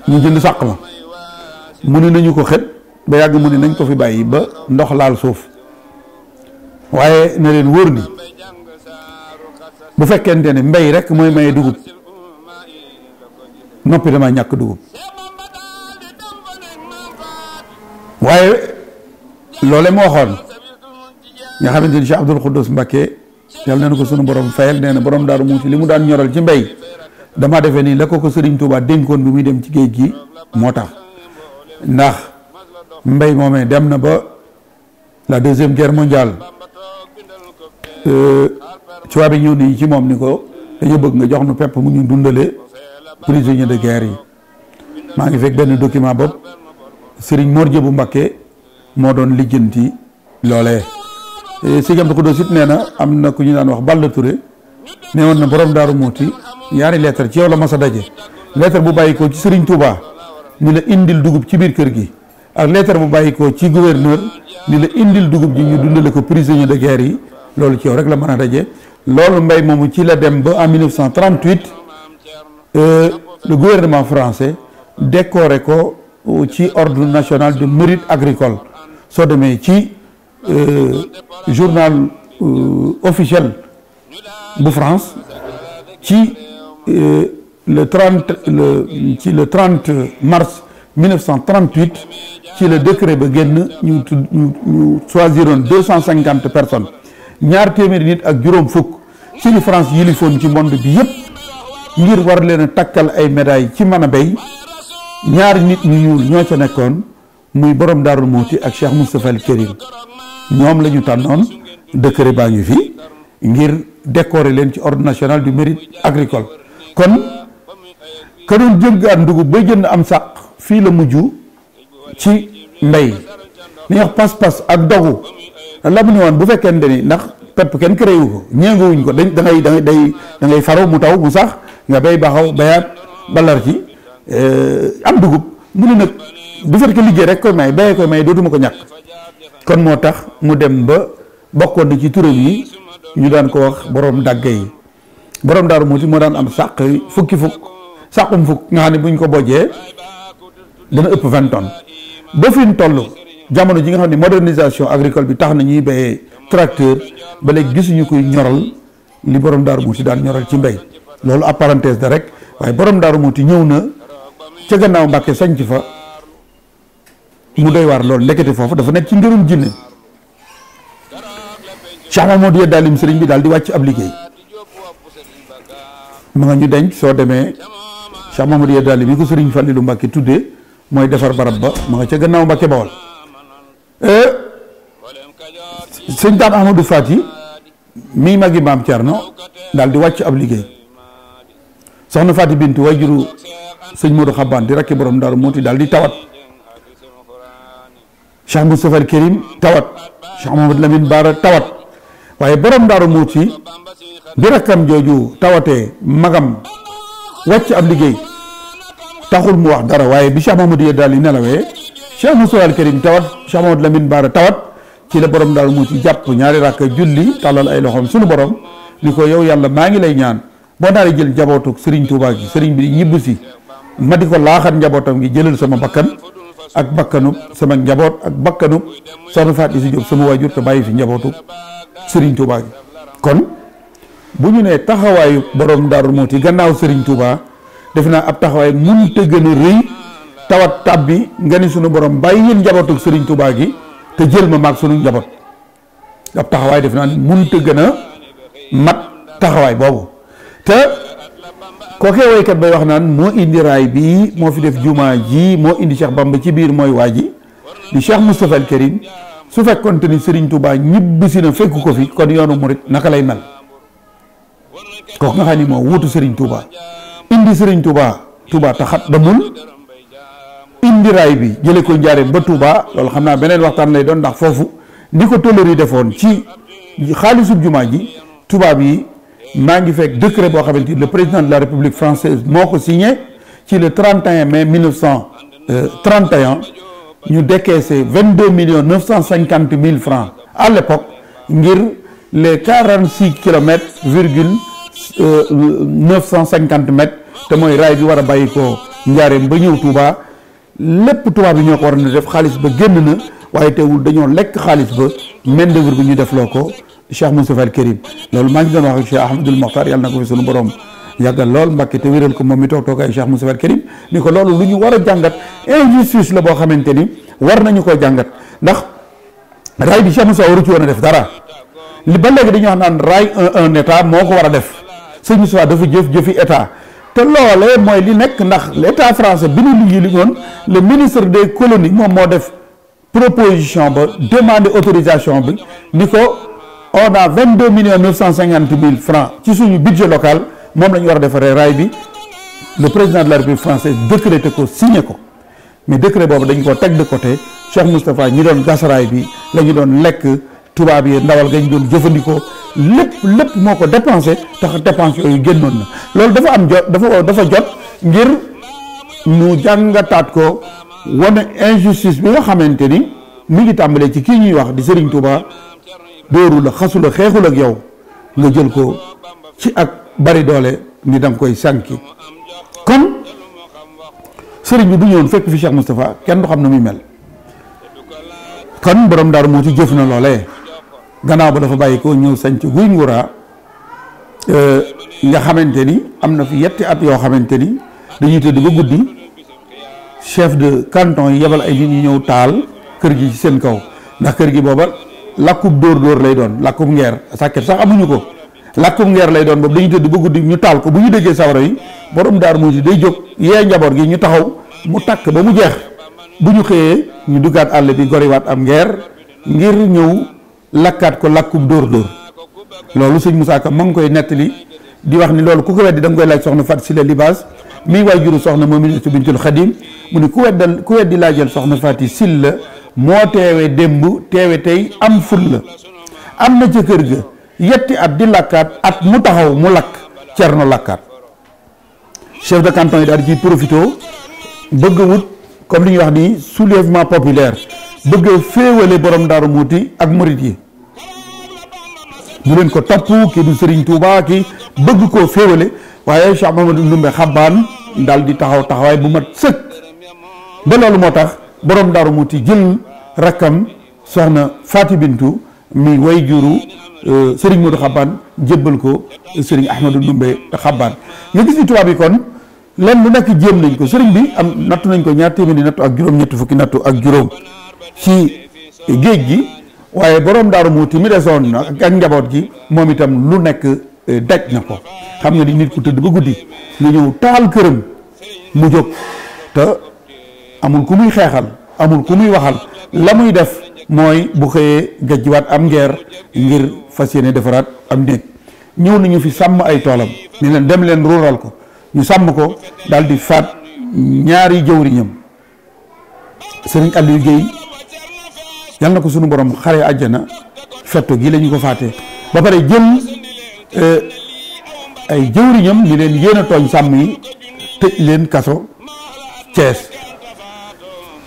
ñu jënd sàq ma mu ne nañu ko xet ba yàgg mu ne nañ ko fi bàyyi ba ndox laal suuf waaye na leen wóor ni bu fekkente ne mbéy rek mooy maye dugub noppi damaa ñàkk dugub waaye loole moo waxoon nga xamante ni Cheikh Abdoul Khoudous Mbacké yàlla na ko sunu borom fayal nee na borom daaru muuti li mu daan ñoral ci mbéy dama defee nii la ko ko Serigne Touba dénkoon bi muy dem ci géej gi moo tax ndax mbéy moomee dem na ba la deuxième guerre mondiale euh, tubaab bi ñëw nañu ci moom ni ko dañu bëgg nga jox nu pepp mu ñu dundale prisonniers de guerre yi maa ngi fekk benn document bopp Serigne Mor Diop bu Mbakke moo doon lijjanti loolee. Eh, Sëñ Abdou Khoudoss it nee na am na ku ñu daan wax Balla Touré ne woon na borom daaru muuti ñaari lettre ci yow la mas a daje lettre bu bàyyi ko ci sëriñ Touba ni la indil dugub ci biir kër gi ak lettre bu bàyyi ko ci gouverneur ni la indil dugub ji ñu dundale ko prisonniers de guerre yi loolu ci yow rek la mën a daje loolu mbay moomu ci la dem ba en 1938. Euh, le gouvernement français décoré ko ci ordre national de mérite agricole soo demee ci euh, journal euh, officiel bu France ci le 30 le ci le 30 mars 1938 ci le décret ba génn ñu tudd ñu ñu choisiroon 250 personnes ñaar téeméeri nit ak juróom fukk ci li France yilifoon ci monde bi yëpp ngir war leen a takkal ay médailles ci man a béy ñaari nit ñu ñuul ñoo ca nekkoon muy borom daarul muuti ak Cheikh Moustapha al Karim ñoom lañu tànnoon décret baa ngi fii ngir décorer leen ci ordre national du mérite agricole kon ka doon jëggaat ndugub jënd am sàq fii la mujj ci mbay li ñuy wax pas ak dogu la mu ne woon bu fekkente ni ndax pepp kenn créé yu ko ñeenguwuñ ko dañ da ngay da day da ngay faro mu taw mu sax nga bay baxaw bayaat balar ci euh, am dugub mu ne nag du fait que liggéey rek koy may bayee koy may dootuma ko ñàkk kon moo tax mu dem ba bokkoon na ci turam yi ñu daan ko wax borom dàgge yi borom daaru muuti moo daan am sàq fukki fukk sàqum fukk nga xam ne bu ñu ko bojjee dana ëpp vingt tonnes ba fi toll jamono ji nga xam ne modernisation agricole bi tax na ñuy béyee tracteur ba léegi gisuñu koy ñoral li borom daaru muuti daan ñoral ci mbéy loolu ab parenthèse da rek waaye borom daaru muuti ñëw na ca gannaaw mbàkke sañc fa mu doy waar loolu ndekete foofu dafa nekk ci mbirum jinne Cheikh Mamadou Yeddalim sëriñ bi daal di wàcc ab liggéey ma nga ñu denc soo demee Cheikh Mamadou Yeddalim yi ko sëriñ lu Mbàkke tuddee mooy defar barab ba ma nga ca gannaaw Mbàkke Bawol eh! sëñ Dame Amadou Fati mii magi maam Thierno daal di wàcc ab liggéey soxna Fati Bintu wajuru sëñ Modou di rakki borom Daaru Muti daal di tawat Cheikh Moustapha Kérim tawat Cheikh Mohamed Lamine Baara tawat waaye borom Daaru Muti bi rakkam jooju tawatee magam wàcc ab liggéey taxul mu wax dara waaye bi Cheikh Mohamed Yedda daal di nelawee Cheikh Moustapha Kérim tawat Cheikh Mohamed Lamine Baara tawat. ci la borom daal mu ci jàpp ñaari rakk julli tàllal ay loxoom sunu borom ni ko yow yàlla maa ngi lay ñaan boo daal di jël njabootug sëriñ Touba gi sëriñ bi ñibbi si ma di ko laaxat njabootam ngi jëlal sama bakkan ak bakkanub sama njaboot ak bakkanub soxna Fatou Issa Diop sama waajur te bàyyi fi njabootug sëriñ Touba gi kon bu ñu nee taxawaayu borom Daaru Muhti gannaaw sëriñ Touba def naa ab taxawaay mënut a gën a rëy tawat tab bi nga ni sunu borom bàyyi yéen njabootu Serigne Touba gi. te jël ma maag sunu njaboot ab taxawaay def naa mënut a gën a mat taxawaay boobu te kookee woykat bay wax naan moo indi raay bii moo fi def juma ji moo indi Cheikh Bamba ci biir mooy waa ji di Cheikh Moustapha al Karim su fekkonte ni Serigne Touba ñibbisi na fekku ko fi kon yoonu murit naka lay mel kooku nga xam ni moo wutu Serigne Touba indi Serigne Touba Touba taxat damul indi raay bi jëlee ko njaareem ba Touba loolu xam naa beneen waxtaan lay doon ndax foofu ni ko tolloor yi defoon ci xaalisu jumaa ji tubaab yi maa ngi fekk décret boo xamante ni le président de la république française moo ko signé ci le 31 mai 1931 euh, ñu million 22 millions 950 mille francs à l'époque ngir les 46 kilomètres virgule 950 euh, mètres te mooy raay bi war a bàyyi ko njaareem ba ñëw Touba. lépp tubaab yi ñoo ko war na def xaalis ba génn na waaye teewul dañoo lekk xaalis ba main d'œuvre bi ñu def loo ko Cheikh Moustapha al Karim loolu maa ngi doon wax ak Cheikh Ahmadul Mokhtar yàlla na ko fi sunu borom yàggal lool Mbàkke te wéral ko moom mi toog toog ay Cheikh Moustapha al ni ko loolu lu ñu war a jàngat injustice la boo xamante ni war nañu koo jàngat ndax raay bi Cheikh Moustapha waru ci woon def dara li ba léegi dañoo wax naan raay un un moo ko war a def Cheikh Moustapha dafa jëf jëfi état te loolee mooy li nekk ndax l' état français bi ñu liggéey liggéeyoon le ministre des colonies moom moo def proposition ba demande autorisation bi ni ko on a vingt deux millions neuf cent cinquante mille francs ci suñu budget local moom lañu war a defaree raay bi le président de la république française décrété ko signé ko mais décret boobu dañ ko teg de côté Cheikh Moustapha ñi doon gas raay bi la ñu doon lekk. tubaab yi ndawal gañ doon jëfandikoo lépp lépp moo ko dépensé tax dépense yooyu génnoon na loolu dafa am jot dafa dafa jot ngir ñu jàngataat ko wane injustice bi nga xamante ni mu ngi tàmbalee ci kii ñuy wax di sëriñ Touba dóoru la xasu la xeexul ak yow nga jël ko ci ak bari doole ni da koy sànki kon Serigne bi du ñëwoon fekk fi Cheikh Moustapha kenn du xam na muy mel kon borom daaru moo ci jëf na loole gannaaw ba dafa bàyyi ko ñëw sanc guy nguraa euh, nga xamante ni am na fi yetti at yoo xamante ni dañuy tëdd ba guddi chef de canton yi yebal ay nit ñu ñëw taal kër gi ci seen kaw ndax kër gi booba làkkub dóor dóor lay doon làkkub ngeer sàkket sax amuñu ko làkkub ngeer lay doon boobu dañuy tëdd ba guddi ñu taal ko bu ñu déggee sawara yi borom daar muusi day jóg yee njaboot gi ñu taxaw mu takk ba mu jeex bu ñu xëyee ñu duggaat àll bi goriwaat am ngeer ngir ñëw lakkaat ko lakkum dóor dóor loolu sëñ Moussa Ka ma ngi koy nettali di wax ni loolu ku ko weddi da koy laaj soxna Fatou Sylla Libaas mii waay juru soxna moom it bintul xadim mu ni ku weddal ku weddi laajal soxna Fatou Sylla moo teewe démb teewee tey am ful la am na ca kër ga yetti at di lakkaat at mu taxaw mu lakk cerno lakkaat chef de canton yi daal di ciy profité bëgg wut comme li ñuy wax ni soulèvement populaire bëgg a féewale borom Daaru Muuti ak murit yi bu leen ko topp kii du Serigne Touba bëgg koo féewale waaye Cheikh Mamadou Ndumbe Xabbaan daal di taxaw taxawaay bu mat sëkk ba loolu moo tax boroom Daaru Muuti jël rakkam na Faati Bintu mi way juru euh, Serigne Modou Xabbaan jébbal ko sëriñ Ahmadou Ndumbe Xabbaan nga gis ni tubaab yi kon lenn lu nekk jéem nañ ko Serigne bi am nattu nañ ko ñaar téeméeri nattu ak juróom ñetti fukki nattu ak juróom ci géej gi waaye borom daaru muuti mi desoon na ak njaboot gi moom itam lu nekk eh, daj na ko xam nga ni nit ku tëdd ba guddi nga ñëw taal këram mu jóg te amul ku muy xeexal amul ku muy waxal la muy def mooy bu xëyee gajjiwaat am ngeer ngir fas yéene defaraat am néeg ñëw nañu fi sàmm ay toolam ne leen dem leen ruural ko ñu sàmm ko daal di faat ñaari jëwriñam sëriñ Aliou Guèye yal na ko sunu borom xare àjjana fetto gi lañu ko fàtte ba pare jël e, ay jëwriñam ni leen yéen a tooñ sàmm yi tëj leen kaso Cees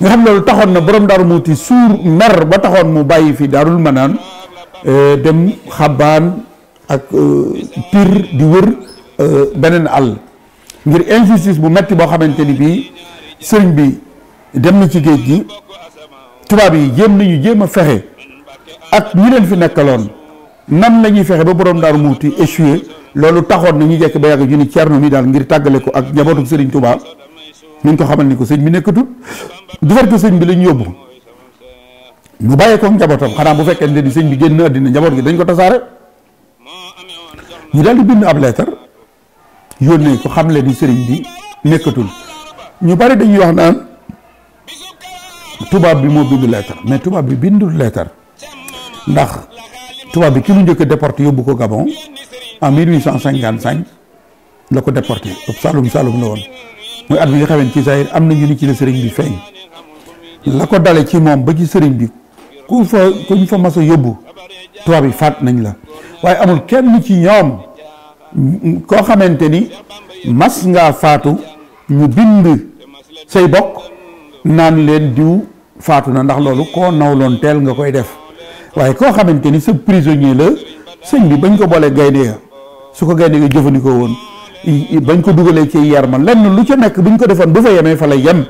nga xam loolu taxoon na borom Daaru Muuti suur mer ba taxoon mu bàyyi fi Daarul Manaan e, dem xabaan ak e, Pir di wër beneen àll ngir injustice bu metti boo xamante ni bii sëriñ bi dem na ci géej gi tubaab yi jéem nañu jéem a fexe ak ñi leen fi nekkaloon nan la fexe ba borom daaru muuti échoué loolu taxoon na ñu jekk ba yàgg ñu ni Cerno muy daal ngir tàggale ko ak njabootu sëriñ Touba nañ ko xamal ni ko sëñ bi nekkatul du fekk sëñ bi lañ yóbbu mu bàyyee ko njabootam xanaa bu fekkee ni sëñ bi génn àddina njaboot gi dañ ko tasaare ñu daal di bind ab leetar yónnee ko xam leen ni sëriñ bi nekkatul ñu bari dañuy wax naan. tubaab bi moo bindu leetar mais tubaab bi bindu leetar ndax tubaab bi ki mu njëkk a déporté yóbbu ko Gabon en 1855 la ko déporté ëpp Saloum Saloum la woon mooy at bi nga xamee ci Zaïre am na ñu ni ci la sëriñ bi feeñ la ko dale ci moom ba ci sëriñ bi ku fa kuñ fa mas a yóbbu tubaab bi faat nañ la waaye amul kenn ci ñoom koo xamante ni mas ngaa faatu ñu bind say bokk naan leen diw faatu na ndax loolu koo nawloon teel nga koy def waaye koo xamante ni sa prisonnier la sëñ bi bañ ko boolee gaynde su ko gaynde ga jëfandikoo woon bañ ko dugalee ci yar ma lenn lu ca nekk buñ ko defoon bu fa fa lay yem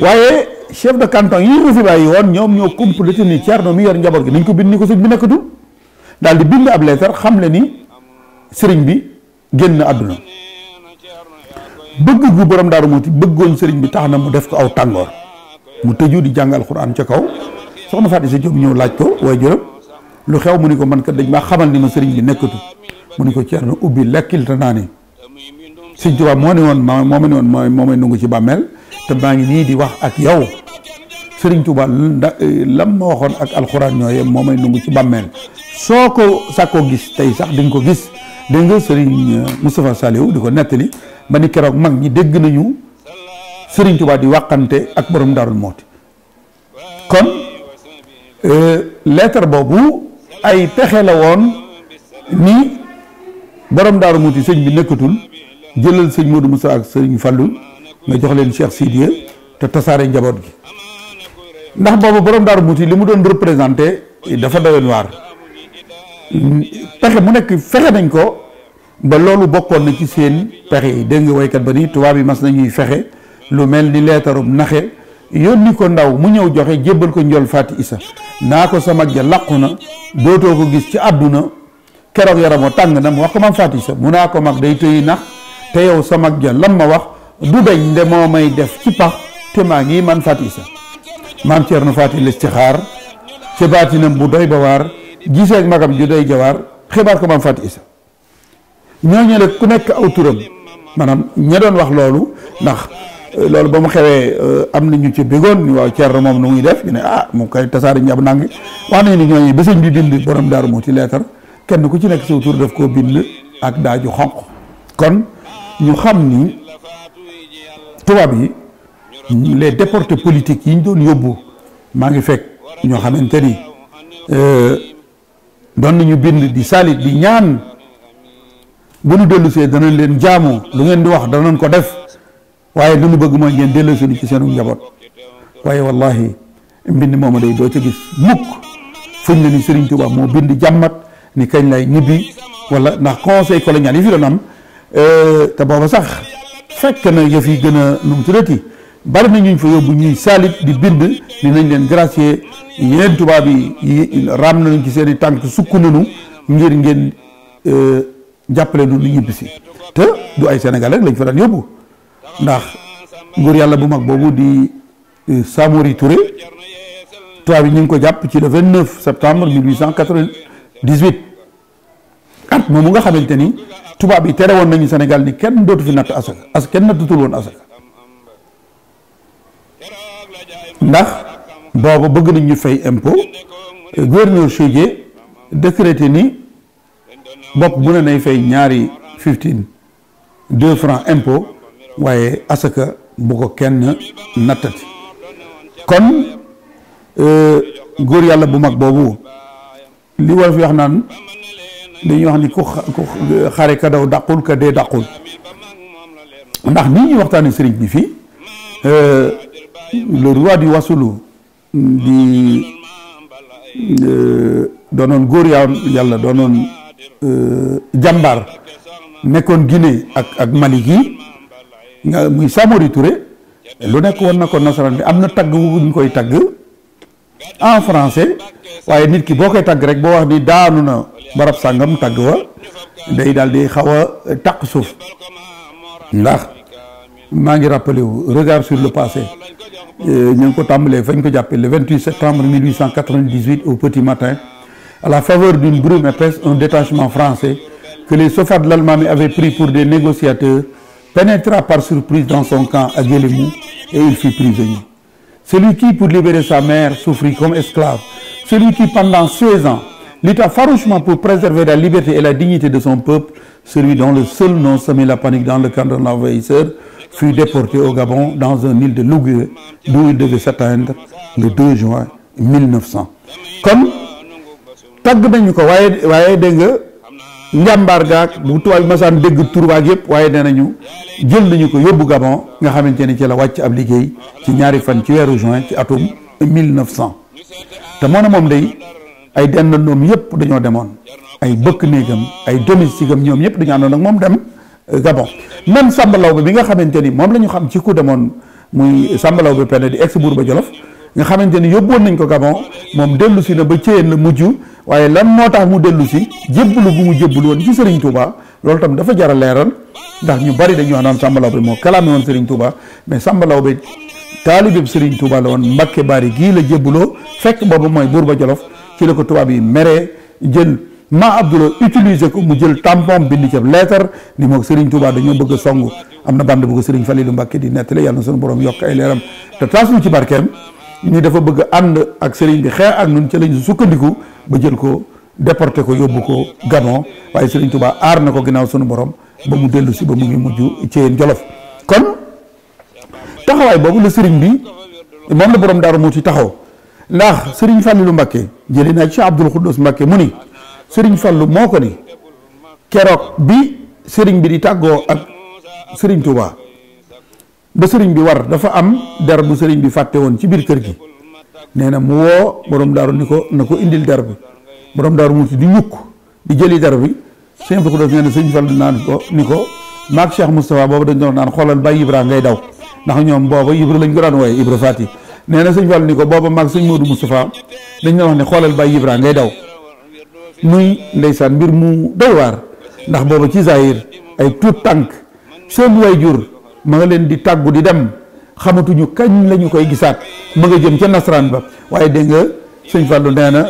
waaye chef de canton yi ñu woon ñoom ñoo complété ni Thierno mi yor njaboot gi nañ ko bind ko sëñ bi nekkatu daal bind ab leetar xam le ni sëriñ bi génn àdduna bëgg gu borom daaru muuti bëggoon sëriñ bi tax na mu def ko aw tàngoor mu tëju di jàng alxuraan ca kaw soxna Fatou Issa Diop ñëw laaj ko waaye juróom lu xew mu ni ko man kat dañ ma xamal ni ma sëriñ bi nekkatu mu ni ko Ceerno ubbi lekkil te naa ni sëñ Tuubaa moo ne woon ma moo ma ne woon mooy moo may nungu ci bàmmeel te maa ngi nii di wax ak yow sëriñ Tuubaa eh, lam ma waxoon ak alxuraan ñooye moo may nungu ci bàmmeel soo ko sàkkoo gis tey sax di ko gis dégg nga sëriñ eh, Moustapha Saliou di ko nettali ba ni keroog mag ñi dégg nañu sëriñ Tuubaa di wàqante ak borom daarul mooti kon euh, lettre boobu ay pexe la woon ni borom daaru mooti sëñ bi nekkatul jëlal sëñ Modou Moussa ak sëriñ Fallou nga jox leen Cheikh Sidiya te tasaare njaboot gi ndax boobu borom daaru mooti li mu doon représenté dafa doyoon waar pexe mu nekk fexe nañ ko ba loolu bokkoon na ci seen pexe yi dégg nga waykat ba ni tubaab yi mas nañuy fexe lu mel ni leetarum naxe yónni ko ndaw mu ñëw joxe jébbal ko njol fàtti isa naa ko sa mag ja làqu na dootoo ko gis ci àdduna keroog yaramo tàng na mu wax ko naa ko mag day tëyi nax te yow sa mag ja lam wax du dañ nde moo may def ci pax ngi man fàtti isa maam Ceerno fàtti les ci xaar ca baatinam bu doy ba waar giseeg magam ju doy jawaar xibaar ko maam fàtti isa ñooñu nag ku nekk aw turam maanaam ña wax loolu ndax loolu ba mu xewee euh, am na ñu ci bégoon ni waaw Thierno moom nu muy def ñu ne ah mu koy tasaare ñab nangi wax nañ ni ñooñu ba sëñ bi bind borom daaru moo ci leetar kenn ku ci nekk sa tur daf koo bind ak daaju xonq kon ñu xam ni tubaab yi les déportés politiques yi ñu doon yóbbu maa ngi fekk ñoo xamante ni euh, doon nañu bind di salit di ñaan bu nu dellusee danañ leen jaamu lu ngeen di wax danañ ko def waaye lu ñu bëgg mooy ngeen delloo suñu ci seenu njaboot waaye wallahi mbind mooma day doo ca gis mukk fuñ la ni Serigne Touba moo bind jàmmat ni kañ lay ñibbi walla ndax conseil colonial yi fi doon am euh, te booba sax fekk na yëf yi gën a nu mu bari na ñu fa yóbbu ñuy saalit di bind dinañ leen gracier yeneen tubaab yi raam nañu ci seen i tànk sukk nañu ngir ngeen euh, jàppale nu ñu si te du ay Sénégal rek lañ fa daan yóbbu. ndax nguur yàlla bu mag boobu di euh, Samori toure tubaab yi ñu ngi ko jàpp ci le 29 septembre 1898 at moomu nga xamante ni tubaab yi tere woon nañu Sénégal ni kenn dootu fi natt asaka as kenn nattatul woon asaka ndax boobu bëgg nañ ñu fay impôt euh, gouverneur Chaudié décrété ni bopp bu ne nay fay ñaari 15 deux francs impôt waaye asaka bu ko kenn nattati kon euh, góor yàlla bu mag boobu li wolof yi wax naan dañuy wax ni ku xare ka daw dàqul ka dee dàqul ndax nii ñuy waxtaane sëriñ bi fii euh, le roi du wasulu di euh, doonoon góor yàlla doonoon jàmbaar nekkoon Guinée ak ak Mali nga muy Samori Touré lu nekk woon na ko nasaraan bi am na tagg wu ñu koy tagg en français waaye nit ki boo koy tagg rek boo wax ni daanu na barab sàngam tagg wa day daal di xaw a taq suuf ndax maa ngi rappelé wu regard sur le passé euh, ñu ngi ko tàmbalee fañ ko jàppee le 28 septembre 1898 au petit matin à la faveur d'une brume épaisse un détachement français que les soldats de l'Allemagne avaient pris pour des négociateurs pénétra par surprise dans son camp à Guélémou et il fut prisonnier. Celui qui, pour libérer sa mère, souffrit comme esclave. Celui qui, pendant 16 ans, lutta farouchement pour préserver la liberté et la dignité de son peuple, celui dont le seul nom semait la panique dans le camp de l'envahisseur, fut déporté au Gabon dans un île de Lougué, d'où il devait s'atteindre le juin njàmbaar gaag bu tubaab bi masaan dégg turbaag yëpp waaye nee nañu jël nañu ko yóbbu Gabon nga xamante ni ci la wàcc ab liggéey ci ñaari fan ci weeru juin ci atum 1900 te moo ne moom day ay denn noom yëpp dañoo demoon ay bëkk néegam ay domestique am ñoom ñëpp dañu àndoon ak moom dem euh, Gabon même Samba bi nga xamante ni moom la ñu xam ci ku demoon muy Samba Laobé Penda di ex buur ba Jolof nga xamante ni yóbboon nañ ko Gabon moom dellu si na ba Thiéyeen la mujj waaye lan moo tax mu dellu si jébbalu bu mu jébbalu woon ci Serigne Touba loolu tam dafa jar a leeral ndax ñu bari dañu wax naan Samba Laobé moo kalaame woon Serigne Touba mais Samba Laobé taalibe Serigne Touba la woon Mbacké Bari gii la jébbaloo fekk boobu mooy buur ba Jolof ci la ko tubaab yi meree jël ma Abdoulou utiliser ko mu jël tampon bind ca leetar ni moog Serigne Touba dañoo bëgg song am na band bu ko Serigne Falilou Mbacké di nettali yàlla na sunu borom yokk ay leeram te taas ñu ci barkeem. ni dafa bëgg ànd ak sëriñ bi xeex ak ñun ci lañ sukkandiku ba jël ko déporté ko yóbbu ko gano waaye sëriñ Touba aar na ko ginnaaw sunu borom ba mu dellu si ba mu ngi mujj ci Jolof kon taxawaay boobu la sëriñ bi moom la borom daaru muuti taxaw ndax sëriñ lu Mbàkke jëlee naa ci Abdul Xuddos Mbàkke mu ni sëriñ Fàllu moo ko ni keroog bi sëriñ bi di tàggoo ak sëriñ Touba. ba sëriñ bi war dafa am der bu sëriñ bi fàtte woon ci biir kër gi nee na mu woo borom daaru ni ko na ko indil der bi borom daaru mu di ñukk di jëli der bi sëñ fa ko def nee na sëñ Fallu naan ko ni ko maag Cheikh Moustapha boobu dañ doon naan xoolal Baye Ibra ngay daw ndax ñoom booba Ibra lañ ko daan wooye Ibra Fati nee na sëñ Fallu ni ko booba maag sëñ Modou Moustapha dañ doon wax ne xoolal ba Ibra ngay daw muy ndeysaan mbir mu doy waar ndax booba ci zahir ay tuut tànk seen way jur ma nga leen di tàggu di dem xamatuñu kañ la ñu koy gisaat ma nga jëm ca nasaraan ba waaye dégg nga sëñ Fallou nee na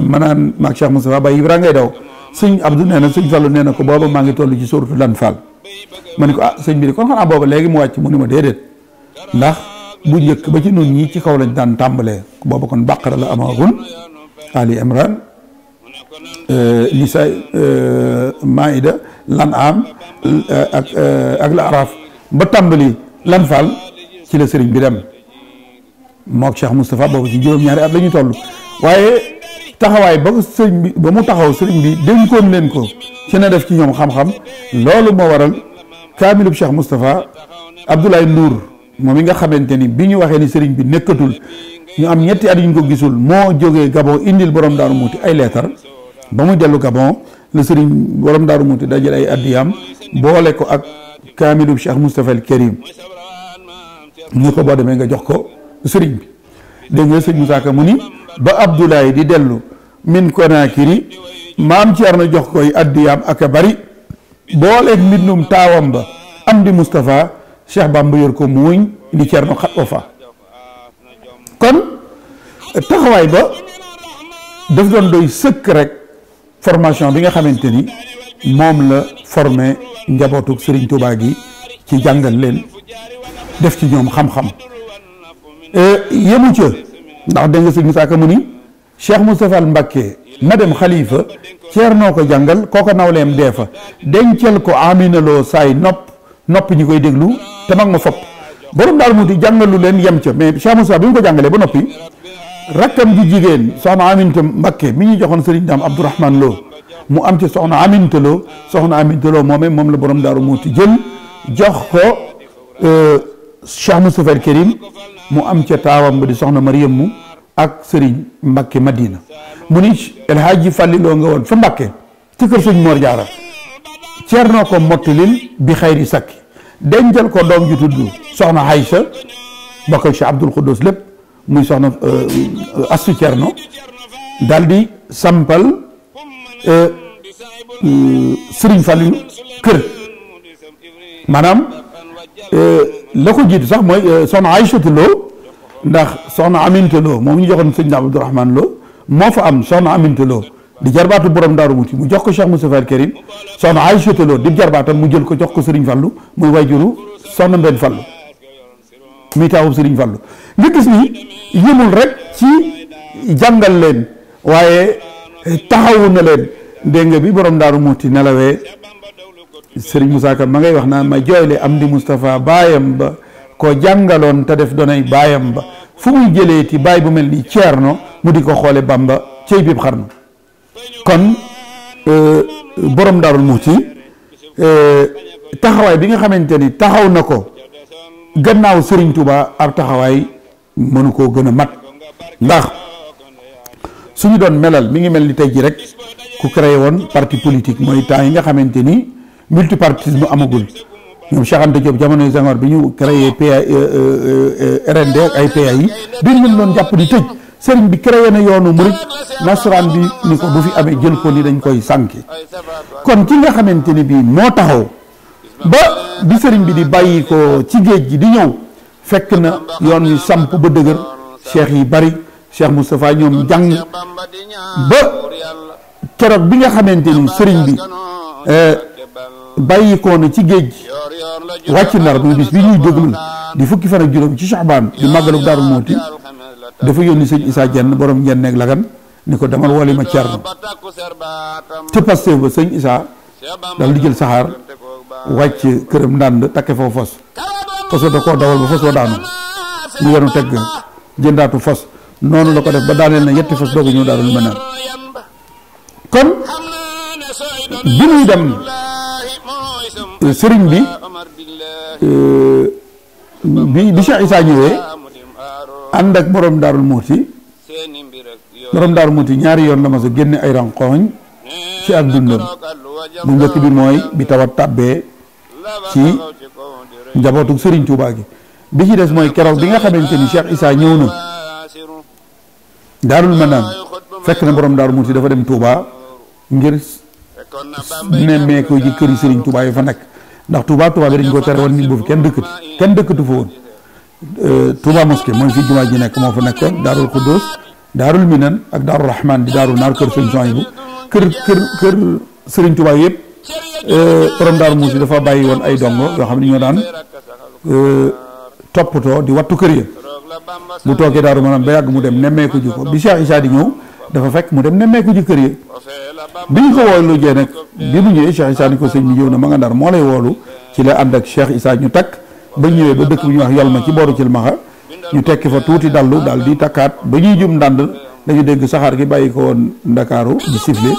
ma naan maag Cheikh Moustapha Baye Ibra ngay daw sëñ Abdou nee na suñ Fallou nee na ko booba maa ngi tollu ci sóoratu lan Fall ma ne ko ah sëñ bi kon xanaa booba léegi mu wàcc mu ni ma déedéet ndax bu njëkk ba ci noonu ñi ci kaw lañ daan tàmbalee booba kon bàqara la amaagun Ali Imran eh, Nisa eh, Maïda lan am eh, ak la araf ba tàmbali lan ci la sëriñ bi dem mook Cheikh Moustapha boobu ci juróom-ñaari at la ñu toll waaye taxawaay ba ko sëriñ bi ba mu taxaw sëriñ bi dénkoon leen ko ci na def ci ñoom xam-xam loolu moo waral kaamilub Cheikh Moustapha Abdoulaye Ndour moom yi nga xamante ni bi ñu waxee ni sëriñ bi nekkatul ñu am ñetti at yu ñu ko gisul moo jógee Gabon indil borom daaru muuti ay leetar ba mu dellu Gabon la sëriñ borom daaru muuti dajale ay addiyaam boole ko ak kaamilub Cheikh Moustapha al Karim ko boo demee nga jox ko sëriñ bi dégg nga sëñ Moussa mu ni ba Abdoulaye di dellu min Konakiri maam Thierno jox koy addiyaam ak a bari booleeg mbindum taawam ba am di Moustapha Cheikh Bamba yor ko muuñ di Thierno xat o fa kon taxawaay ba daf doon doy sëkk rek formation bi nga xamante ni moom la forme njabootuk sëriñ Touba gi ci jàngal leen def ci ñoom xam-xam e, yemu ca ndax dégg nga Serigne mu ni Cheikh Moustapha mbakke ma dem xalifa ceer noo ko jàngal kooko nawleem dee fa dencal ko aminaloo saay nopp nopp ñi koy déglu te mag ma fopp borom daal mu di jàngalu leen yem ca mais Cheikh Moustapha bi mu ko jàngalee ba noppi rakkam ji jigéen soxna Aminata mbakke mi ñu joxoon Serigne Dame Abdourahmane Lo mu am ca soxna amintaloo soxna amintaloo moomee moom la borom daaru muuti jël jox ko euh, Cheikh Moustapha Karim mu am ca taawam ba di soxna Mariam mu ak Serigne Mbakke Madina mu ni El Hadji Falliloo nga woon fa Mbakke ci kër sëñ Mor Jaara ceernoo ko mottilil bi xayri sakki dencal ko doom ju tudd soxna Aysa bokkal Cheikh Abdoul Khoudous lépp muy soxna euh, Astu Cerno daal sampal Euh, mm, Serigne Fallou kër maanaam euh, la ko sax mooy euh, soxna Aïchatu Lo ndax soxna Aminta Lo moom ñu joxoon sëñ Abdourahmane Lo moo fa am soxna Aminta Lo di jarbaatu borom daaru muti mu jox ko Cheikh Moustapha al Karim soxna Aïchatu Lo di jarbaatam mu jël ko jox ko Serigne Fallou muy wayjuru soxna Mbène Fallou mi taawub Serigne Fallou nga gis ni yëmul rek ci jàngal leen waaye taxawu na leen dégg bi borom daaru muuti nelawee sëriñ Moussa Ka ma ngay wax naan ma jooyle am di Moustapha baayam ba ko jàngaloon te def donay baayam ba fu muy jëlee ti baay bu mel ni no mu di ko xoole Bamba cey biib xarnu kon euh, borom daarul muuti euh, taxawaay bi nga xamante ni taxaw na ko gannaaw sëriñ Touba ab taxawaay mënu koo gën a mat ndax su ñu doon melal mi ngi mel ni tey ji rek ku créé woon parti politique mooy temps yi nga xamante ni multi multipartisme amagul ñoom Cheikh Anta Diop jamonoy Senghor bi ñu créer PA RND ak ay PA yi biñ leen doon jàpp di tëj sëriñ bi créé na yoonu murit nasaraan bi ni ko bu fi amee jël ko ni dañ koy sànki kon ki nga xamante ni bii moo taxaw ba bi sëriñ bi di bàyyi ko ci géej gi di ñëw fekk na yoon wi samp ba dëgër cheikh yi bari Cheikh Moustapha ñoom jàng ba keroog bi nga xamante ni sëriñ bi eh, bàyyikoo ci géej gi wàcc ndar muy bis bi ñuy déglu di fukki fan ak juróom ci Soxbaan di màggalu Daaru Mooti dafa yónni sëñ Issa Dieng borom Dieng ak Lagan ni ko demal wali ma Cerno te Pastef ba sëñ Issa dal di jël saxaar wàcc këram ndànd takke foofu fos fos da koo dawal ba fos wa daanu mu yenu teg jëndaatu fos noonu la ko def ba daaneel na ñetti fas doogu ñëw daarul manaan kon bi muy dem euh, sëriñ bi euh, bi bi Cheikh Issa ñëwee ànd ak borom daarul muuti ñaari yoon la ma sa génne ay ranqooñ ci ak dundam bu njëkk bi mooy bi tawat tàbbee ci njabootu sëriñ Tuubaa gi bi ci des mooy keroog bi nga xamante ni Cheikh Issa ñëw na daarul manaan fekk na borom daaru musi dafa dem Touba ngir nemmee ko ji kër yi sëriñ Touba yi fa nekk ndax Touba Touba bi dañ ko tere woon nit boobu kenn dëkkati kenn dëkkatu fa woon euh, Touba mosquée mooy fi jumaa ji nekk moo fa nekkoon daarul Xuddoos daarul Minan ak daarul Rahman di daarul naar kër Serigne Sohaybu kër kër sëriñ Serigne Touba yëpp euh, borom daaru musi dafa bàyyi woon ay dongo yoo xam ne ñoo daan euh, toppatoo di wattu kër yi bu toogee daaru maanaam ba yàgg mu dem nemmeeku ji ko bi Cheikh Issa di ñëw dafa fekk mu dem nemmeeku ji kër yi bi ñu ko woolu jee nag bi mu ñëwee Cheikh Issa ni ko sëñ bi ñëw na ma nga ndar moo lay woolu ci la ànd ak Cheikh Issa ñu takk ba ñëwee ba dëkk bu ñuy wax yol ma ci booru Cilmaxa ñu tekki fa tuuti dallu daal di ndànd dañu dégg saxaar gi bàyyi ko woon ndakaaru di sifle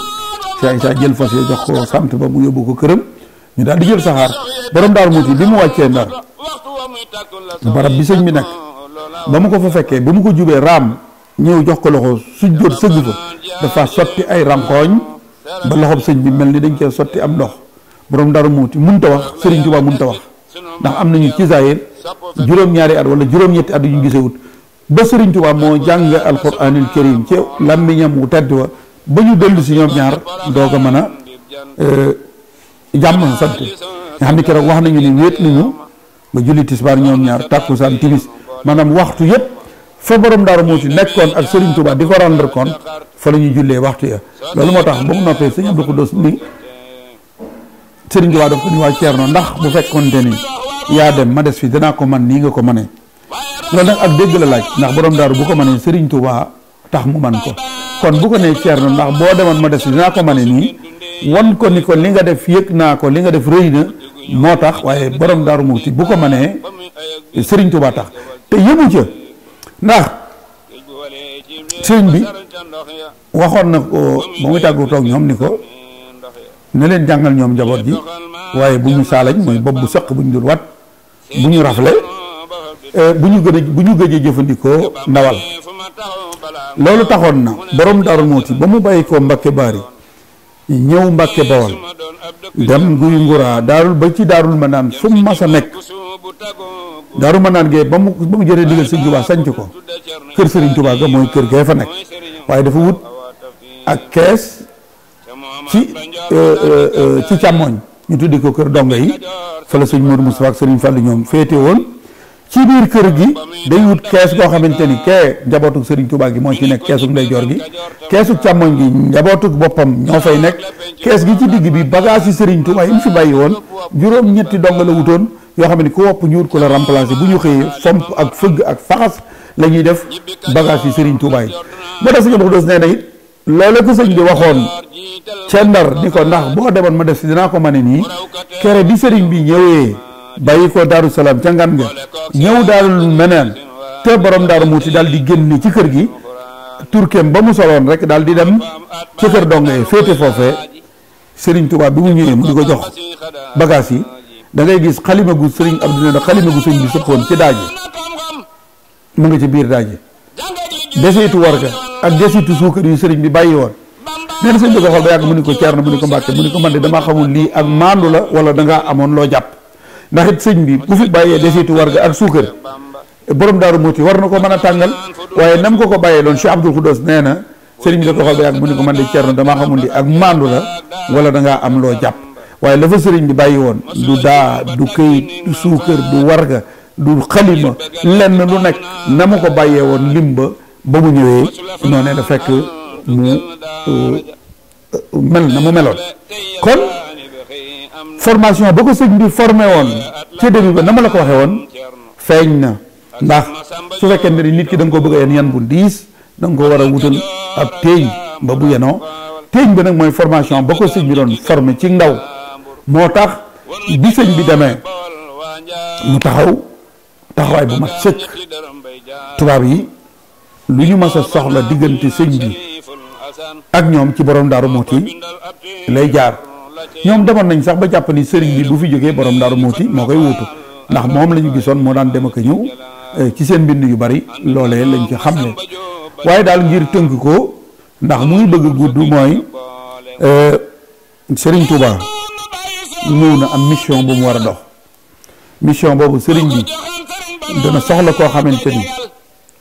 Cheikh Issa jël fas yi jox ko sant ba mu yóbbu ko këram ñu daal di jël saxaar borom daal muuti bi mu wàccee ndar barab bi sëñ bi nekk ba mu ko fa fekkee ba mu ko jubee raam ñëw jox ko loxo suñ jóot sëgg fa dafa sotti ay rànkooñ ba loxob sëñ bi mel ni dañ cee sotti am ndox boroom dara muuti munta wax sëriñ Tuubaa munta wax ndax am nañu ci zaayir juróom-ñaari at wala juróom-ñetti at yu ñu wut ba sëriñ Tuubaa moo jàng alquranil karim ci làmmiñam wu tedd wa ba ñu dellu si ñoom ñaar doog a mën a euh, jàmm sant nga xam ne keroog wax nañu ne wéet nañu ba julli tisbaar ñoom ñaar tàkkusaan timis maanaam waxtu yëpp fa borom daaru ci nekkoon ak Serigne Touba di ko rendre compte fa la ñuy jullee waxtu ya loolu moo tax ba mu noppee sëñ Abdou Khoudoss ni Serigne Touba daf ko ni waa ndax bu fekkoonte ni yaa dem ma des fi danaa ko man nii nga ko mënee loolu ak dégg la laaj ndax borom daaru bu ko mënee Serigne Touba tax mu man ko kon bu ko nee ceer Ceerno ndax boo demoon ma des fi dinaa ko mënee nii wan ko ni ko li nga def yëg naa ko li nga def rëy na moo tax waaye borom daaru muuti bu ko manee Serigne Touba tax te yëmu ca ndax sëñ bi waxoon na ko ba muy tàggu toog ñoom ni ko ne leen jàngal ñoom njaboot ji waaye bu ñu saalañ mooy bopp bu sëq bu ñu dul wat bu ñu rafle eh, bu ñu gën bu ñu gëjee jëfandikoo ndawal loolu taxoon na borom moo Muxti ba mu bàyyi koo Mbàkke Baari ñëw Mbàkke Bawol dem guy nguraa daarul ba ci daarul ma naan fu mu nekk daaru mën naan gee ba mu ba mu jëree digal sëñ Tuubaa sanc ko kër sëriñ Tuubaa ga mooy kër gee fa nekk waaye dafa wut ak kees ci euh, euh, euh, ci càmmoñ ñu tuddi ko kër donga yi fa la sëñ Mourou Moustapha ak sëriñ Fallou ñoom féete woon ci biir kër gi day wut kees goo xamante ni kee njabootuk sëriñ Tuubaa gi moo ci nekk keesuk joor gi keesuk càmmoñ gi njabootuk boppam ñoo fay nekk kees gi ci digg bi bagage yi sëriñ Tuubaa yi mu fi bàyyi woon juróom ñetti donga la wutoon yoo xam ne ni ku wopp ñu wut ko la remplacer bu ñu xëyee fomp ak fëgg ak faxas la ñuy def bagaas yi Serigne Touba yi moo tax suñu doos nee na it loolu ko waxoon ca Ndar ni ko ndax boo demoon ma def si dinaa ko mane nii kere bi Serigne bi ñëwee bàyyi ko Daaru Salaam ca ngan nga ñëw daarul meneen te borom daaru muuti dal di génn ci kër gi turkeem ba mu soloon rek daal di dem ca kër dong féete foofee Serigne Touba bi mu ñëwee mu di ko jox bagage yi dangay gis xalima gu sëriñ Abdou ne xalima gu sëriñ bi sëppoon ci daaj mu ngi ci biir daaji desitu war ga ak desitu suukar yu sëriñ bi bàyyi woon nee na sëñ bi mu ni ko ceerno mu ni ko mbàkke mu ni ko man de damaa xamul lii ak maandu la wala da ngaa amoon loo jàpp ndax it sëñ bi bu fi bàyyee desitu war ga ak suukar borom daaru muuti war na ko mën a tàngal waaye nam ko ko bàyyee doon Cheikh Abdoul Khoudoss nee na sëriñ bi da ko xool ba yàgg mu ni ko man de ceerno damaa xamul lii ak maandu la wala dangaa am loo jàpp waaye la fa sëriñ bi bàyyi woon du daa du këyit du suukar du warga du xalima lenn lu nekk na mu ko bàyyee woon limba ba mu ñëwee noonee la fekk mu euh, euh, mel na mu meloon kon formation ba ko sëñ bi formé woon ci début ba na ma la ko waxee woon feeñ na ndax su fekkee ne nit ki da nga ko bëgg a yan bu diis da nga ko war a wutal ab téeñ ba bu yenoo téeñ bi nag mooy formation ba ko sëñ bi doon formé ci ndaw moo tax bi sëñ bi demee mu taxaw taxawaay bu mat sëkk tubaab yi lu ñu mas a soxla diggante sëñ bi ak ñoom ci borom daaru mooti lay jaar ñoom demoon nañ sax ba jàpp ni sëriñ bi bu fi jógee borom daaru muuti moo koy wuutu ndax moom lañu gisoon moo daan dem ak ñëw eh, ci seen mbind yu bari loolee lañ xam xamle waaye daal ngir tënk ko ndax muy bëgg gudd mooy eh, sëriñ Touba. ñëw na am mission bu mu war a dox mission boobu sëriñ bi dana soxla koo xamante ni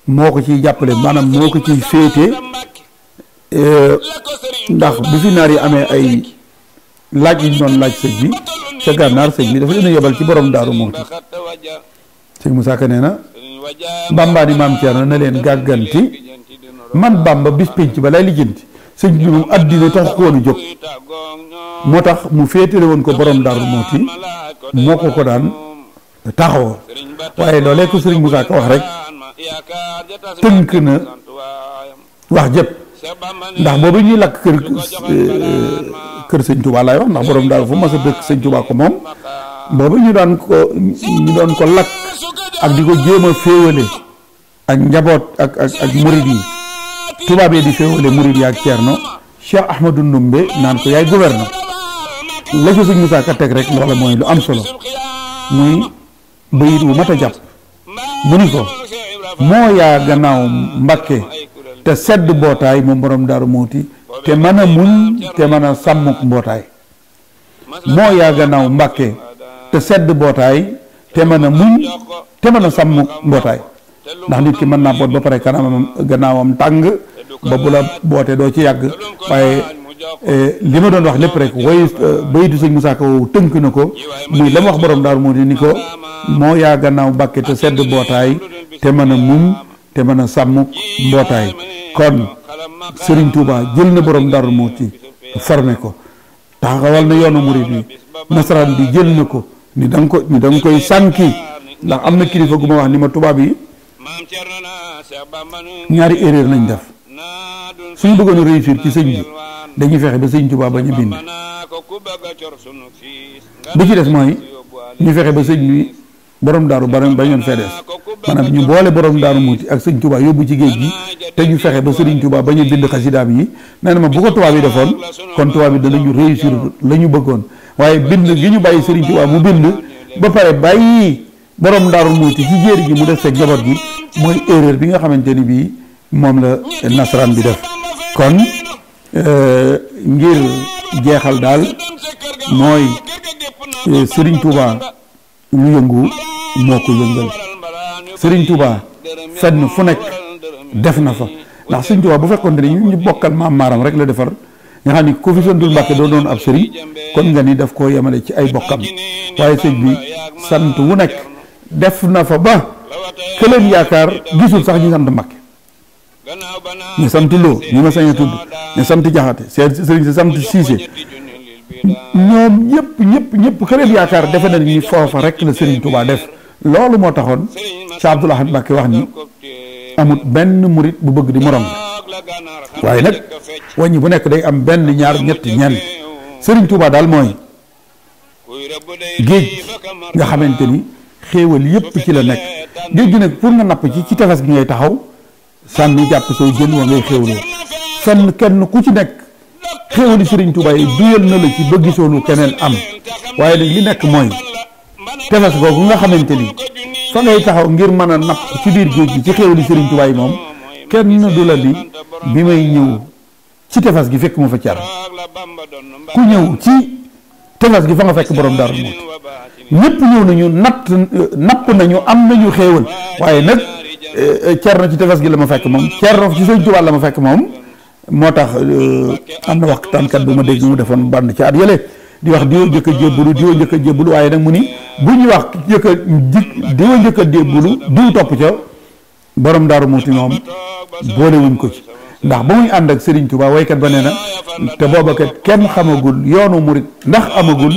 moo ko ciy jàppale maanaam moo ko ciy féete eh, ndax bu fi naar yi amee ay laaj yu ñu doon laaj sëñ bi ca gànnaar sëñ bi dafa leen yebal ci borom daaru moom sëñ Moussa Ka nee na Bamba di maam Thierno na leen gàgganti man Bamba bis penc ba lay lijjanti sëñ bi moom addina tax ko woon jóg moo tax mu féetale woon ko borom Daaru Muxti moo ko ko daan taxawoo waaye loolee ko Sëriñ Moussa Ka wax rek tënk na wax jëpp ndax boobu ñuy lakk kër eh, kër sëñ Touba laay wax ndax borom daal fu ma a dëkk sëñ Touba ko moom boobu ñu daan ko ñu doon ko lakk ak di ko jéem a féewale ak njaboot ak ak ak yi tubaab yi di féewale murid yi ak Thierno Cheikh Ahmadou Ndoumbé naan ko yaay gouverneur la ci sëñ Moussa Ka teg rek loola mooy lu am solo muy bayit wu mat a jàpp mu ni ko moo yaa gannaaw mbakke te sedd mbootaay moom borom Daaru Muuti te mën a muñ te mën a sàmmuk mbootaay moo yaa gannaaw mbakke te sedd bootaay te mën na muñ te mën a sàmmuk mbootaay ndax nit ki mën naa boot ba pare kanamam gannaawam tàng ba bu la bootee doo ci yàgg Eh, li ma doon wax lépp rek way eh, bayitu sëñ Moussa Ka tënk na ko muy la ma wax borom daaru moo di ni ko moo yaa gannaaw bàkke te sedd mbootaay te mën a mum te mën a sàmm mbootaay kon Serigne tuubaa jël na borom daaru moo ci formé ko taxawal na yoonu murid bi nasaraan bi jël na ko ni da ko ni da koy sànki ndax am na kilifa gu ma wax ni ma tubaab yi ñaari erreur lañ def suñu bëggoon a réussir ci sëñ bi dañuy fexe ba sëñ Tuubaa bañ a bind bi ci des mooy ñu fexe ba sëñ bi borom daaru ba bañoon fee des maanaam ñu boole borom daaru muuti ak sëñ Tuubaa yóbbu ci géej gi te ñu fexe ba sëriñ Tuubaa bañ a bind xasidaam yi nee na ma bu ko tubaab yi defoon kon tubaab yi danañu réussir la ñu bëggoon waaye bind gi ñu bàyyi sëriñ Tuubaa mu bind ba pare bàyyi borom ndaru muuti ci jéeri gi mu def fekk njaboot gi mooy erreur bi nga xamante ni bii moom la nasaraan bi def Euh, ngir jeexal daal mooy euh, sëriñ Touba lu yëngu moo ko yëngal sëriñ Touba fenn fu nekk def na fa ndax Serigne Touba bu fekkoon ne ñu bokkal maam maaram rek la defar nga xam ni ku fi sëndul Mbàkke doo doon ab sëriñ kon nga ni daf koo yemale ci ay bokkam waaye sëñ bi sant wu nekk def na fa ba këleen yaakaar gisul sax ñu sant Mbàkke ñu samti loo ñi ma sañ a tudd ñu samti jaxate sëriñ si samti siise ñoom ñëpp ñëpp ñëpp këréb yaakaar defe na ni foofa rek la sëriñ Touba def loolu moo taxoon Cheikh Abdoul Ahad ki wax ni amut benn murit bu bëgg di morom waaye nag wàññi bu nekk day am benn ñaar ñetti ñenn sëriñ Touba daal mooy géej nga xamante ni xéewal yëpp ci la nekk géej gi nag pour nga napp ci ci tefes gi ngay taxaw sànni jàpp soo jën wa ngay xéwloo fenn kenn ku ci nekk xéwli Serigne Touba yi duyal na la ci ba gisoonu keneen am waaye nag li nekk mooy tefes googu nga xamante ni fa ngay taxaw ngir mën a napp ci biir géej gi ci xéwli Serigne Touba yi moom kenn du la ni bi may ñëw ci tefes gi fekk ma fa car ku ñëw ci tefes gi fa nga fekk boroom dara moom ñépp ñëw nañu natt napp nañu am nañu xéewal waaye nag. Euh, euh, cerno ci tefes gi la ma fekk moom cerno ci sëñ Tuubaa la ma fekk moom moo tax euh, am na waxtaankat bu ma dégg mu defoon band ci at yële di wax diwa njëkk a jébbulu diwa njëkk a jébbulu waaye nag mu ni bu ñuy wax njëkk a ji njëkk a jébbulu diw topp ca borom daaru ti moom boolewuñ ko ci ndax ba muy ànd ak Serigne Touba waykat ba nee na te booba kat kenn xamagul yoonu murit ndax amagul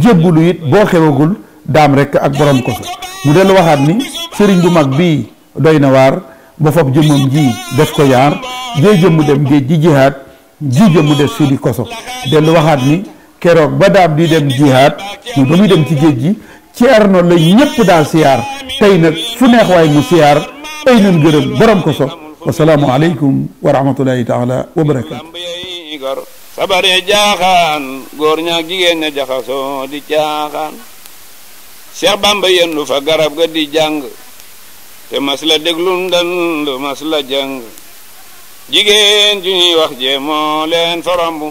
jébbulu it boo xewagul daam rek ak borom ko fa mu dellu waxaat ni Serigne bu mag bii doy na waar ba fab jëmmam ji def ko yaar jee jëmmu dem géej ji jihaat ji jëmmu def fii di koso dellu waxaat ni keroog ba daab di dem jihaat mu ba muy dem ci géej gi ceerno la ñëpp daal siyaar tey nag fu neex waay mu siyaar ay nan gërëm borom koso wasalaamu aleykum wa rahmatullahi taala wa barakaatu sabar ya jaaxaan góor ñaa jigéen Bamba yendu fa garab ga di jàng te mas la déglum dandu mas la jàng jigéen ju ñuy wax jee moo leen farambu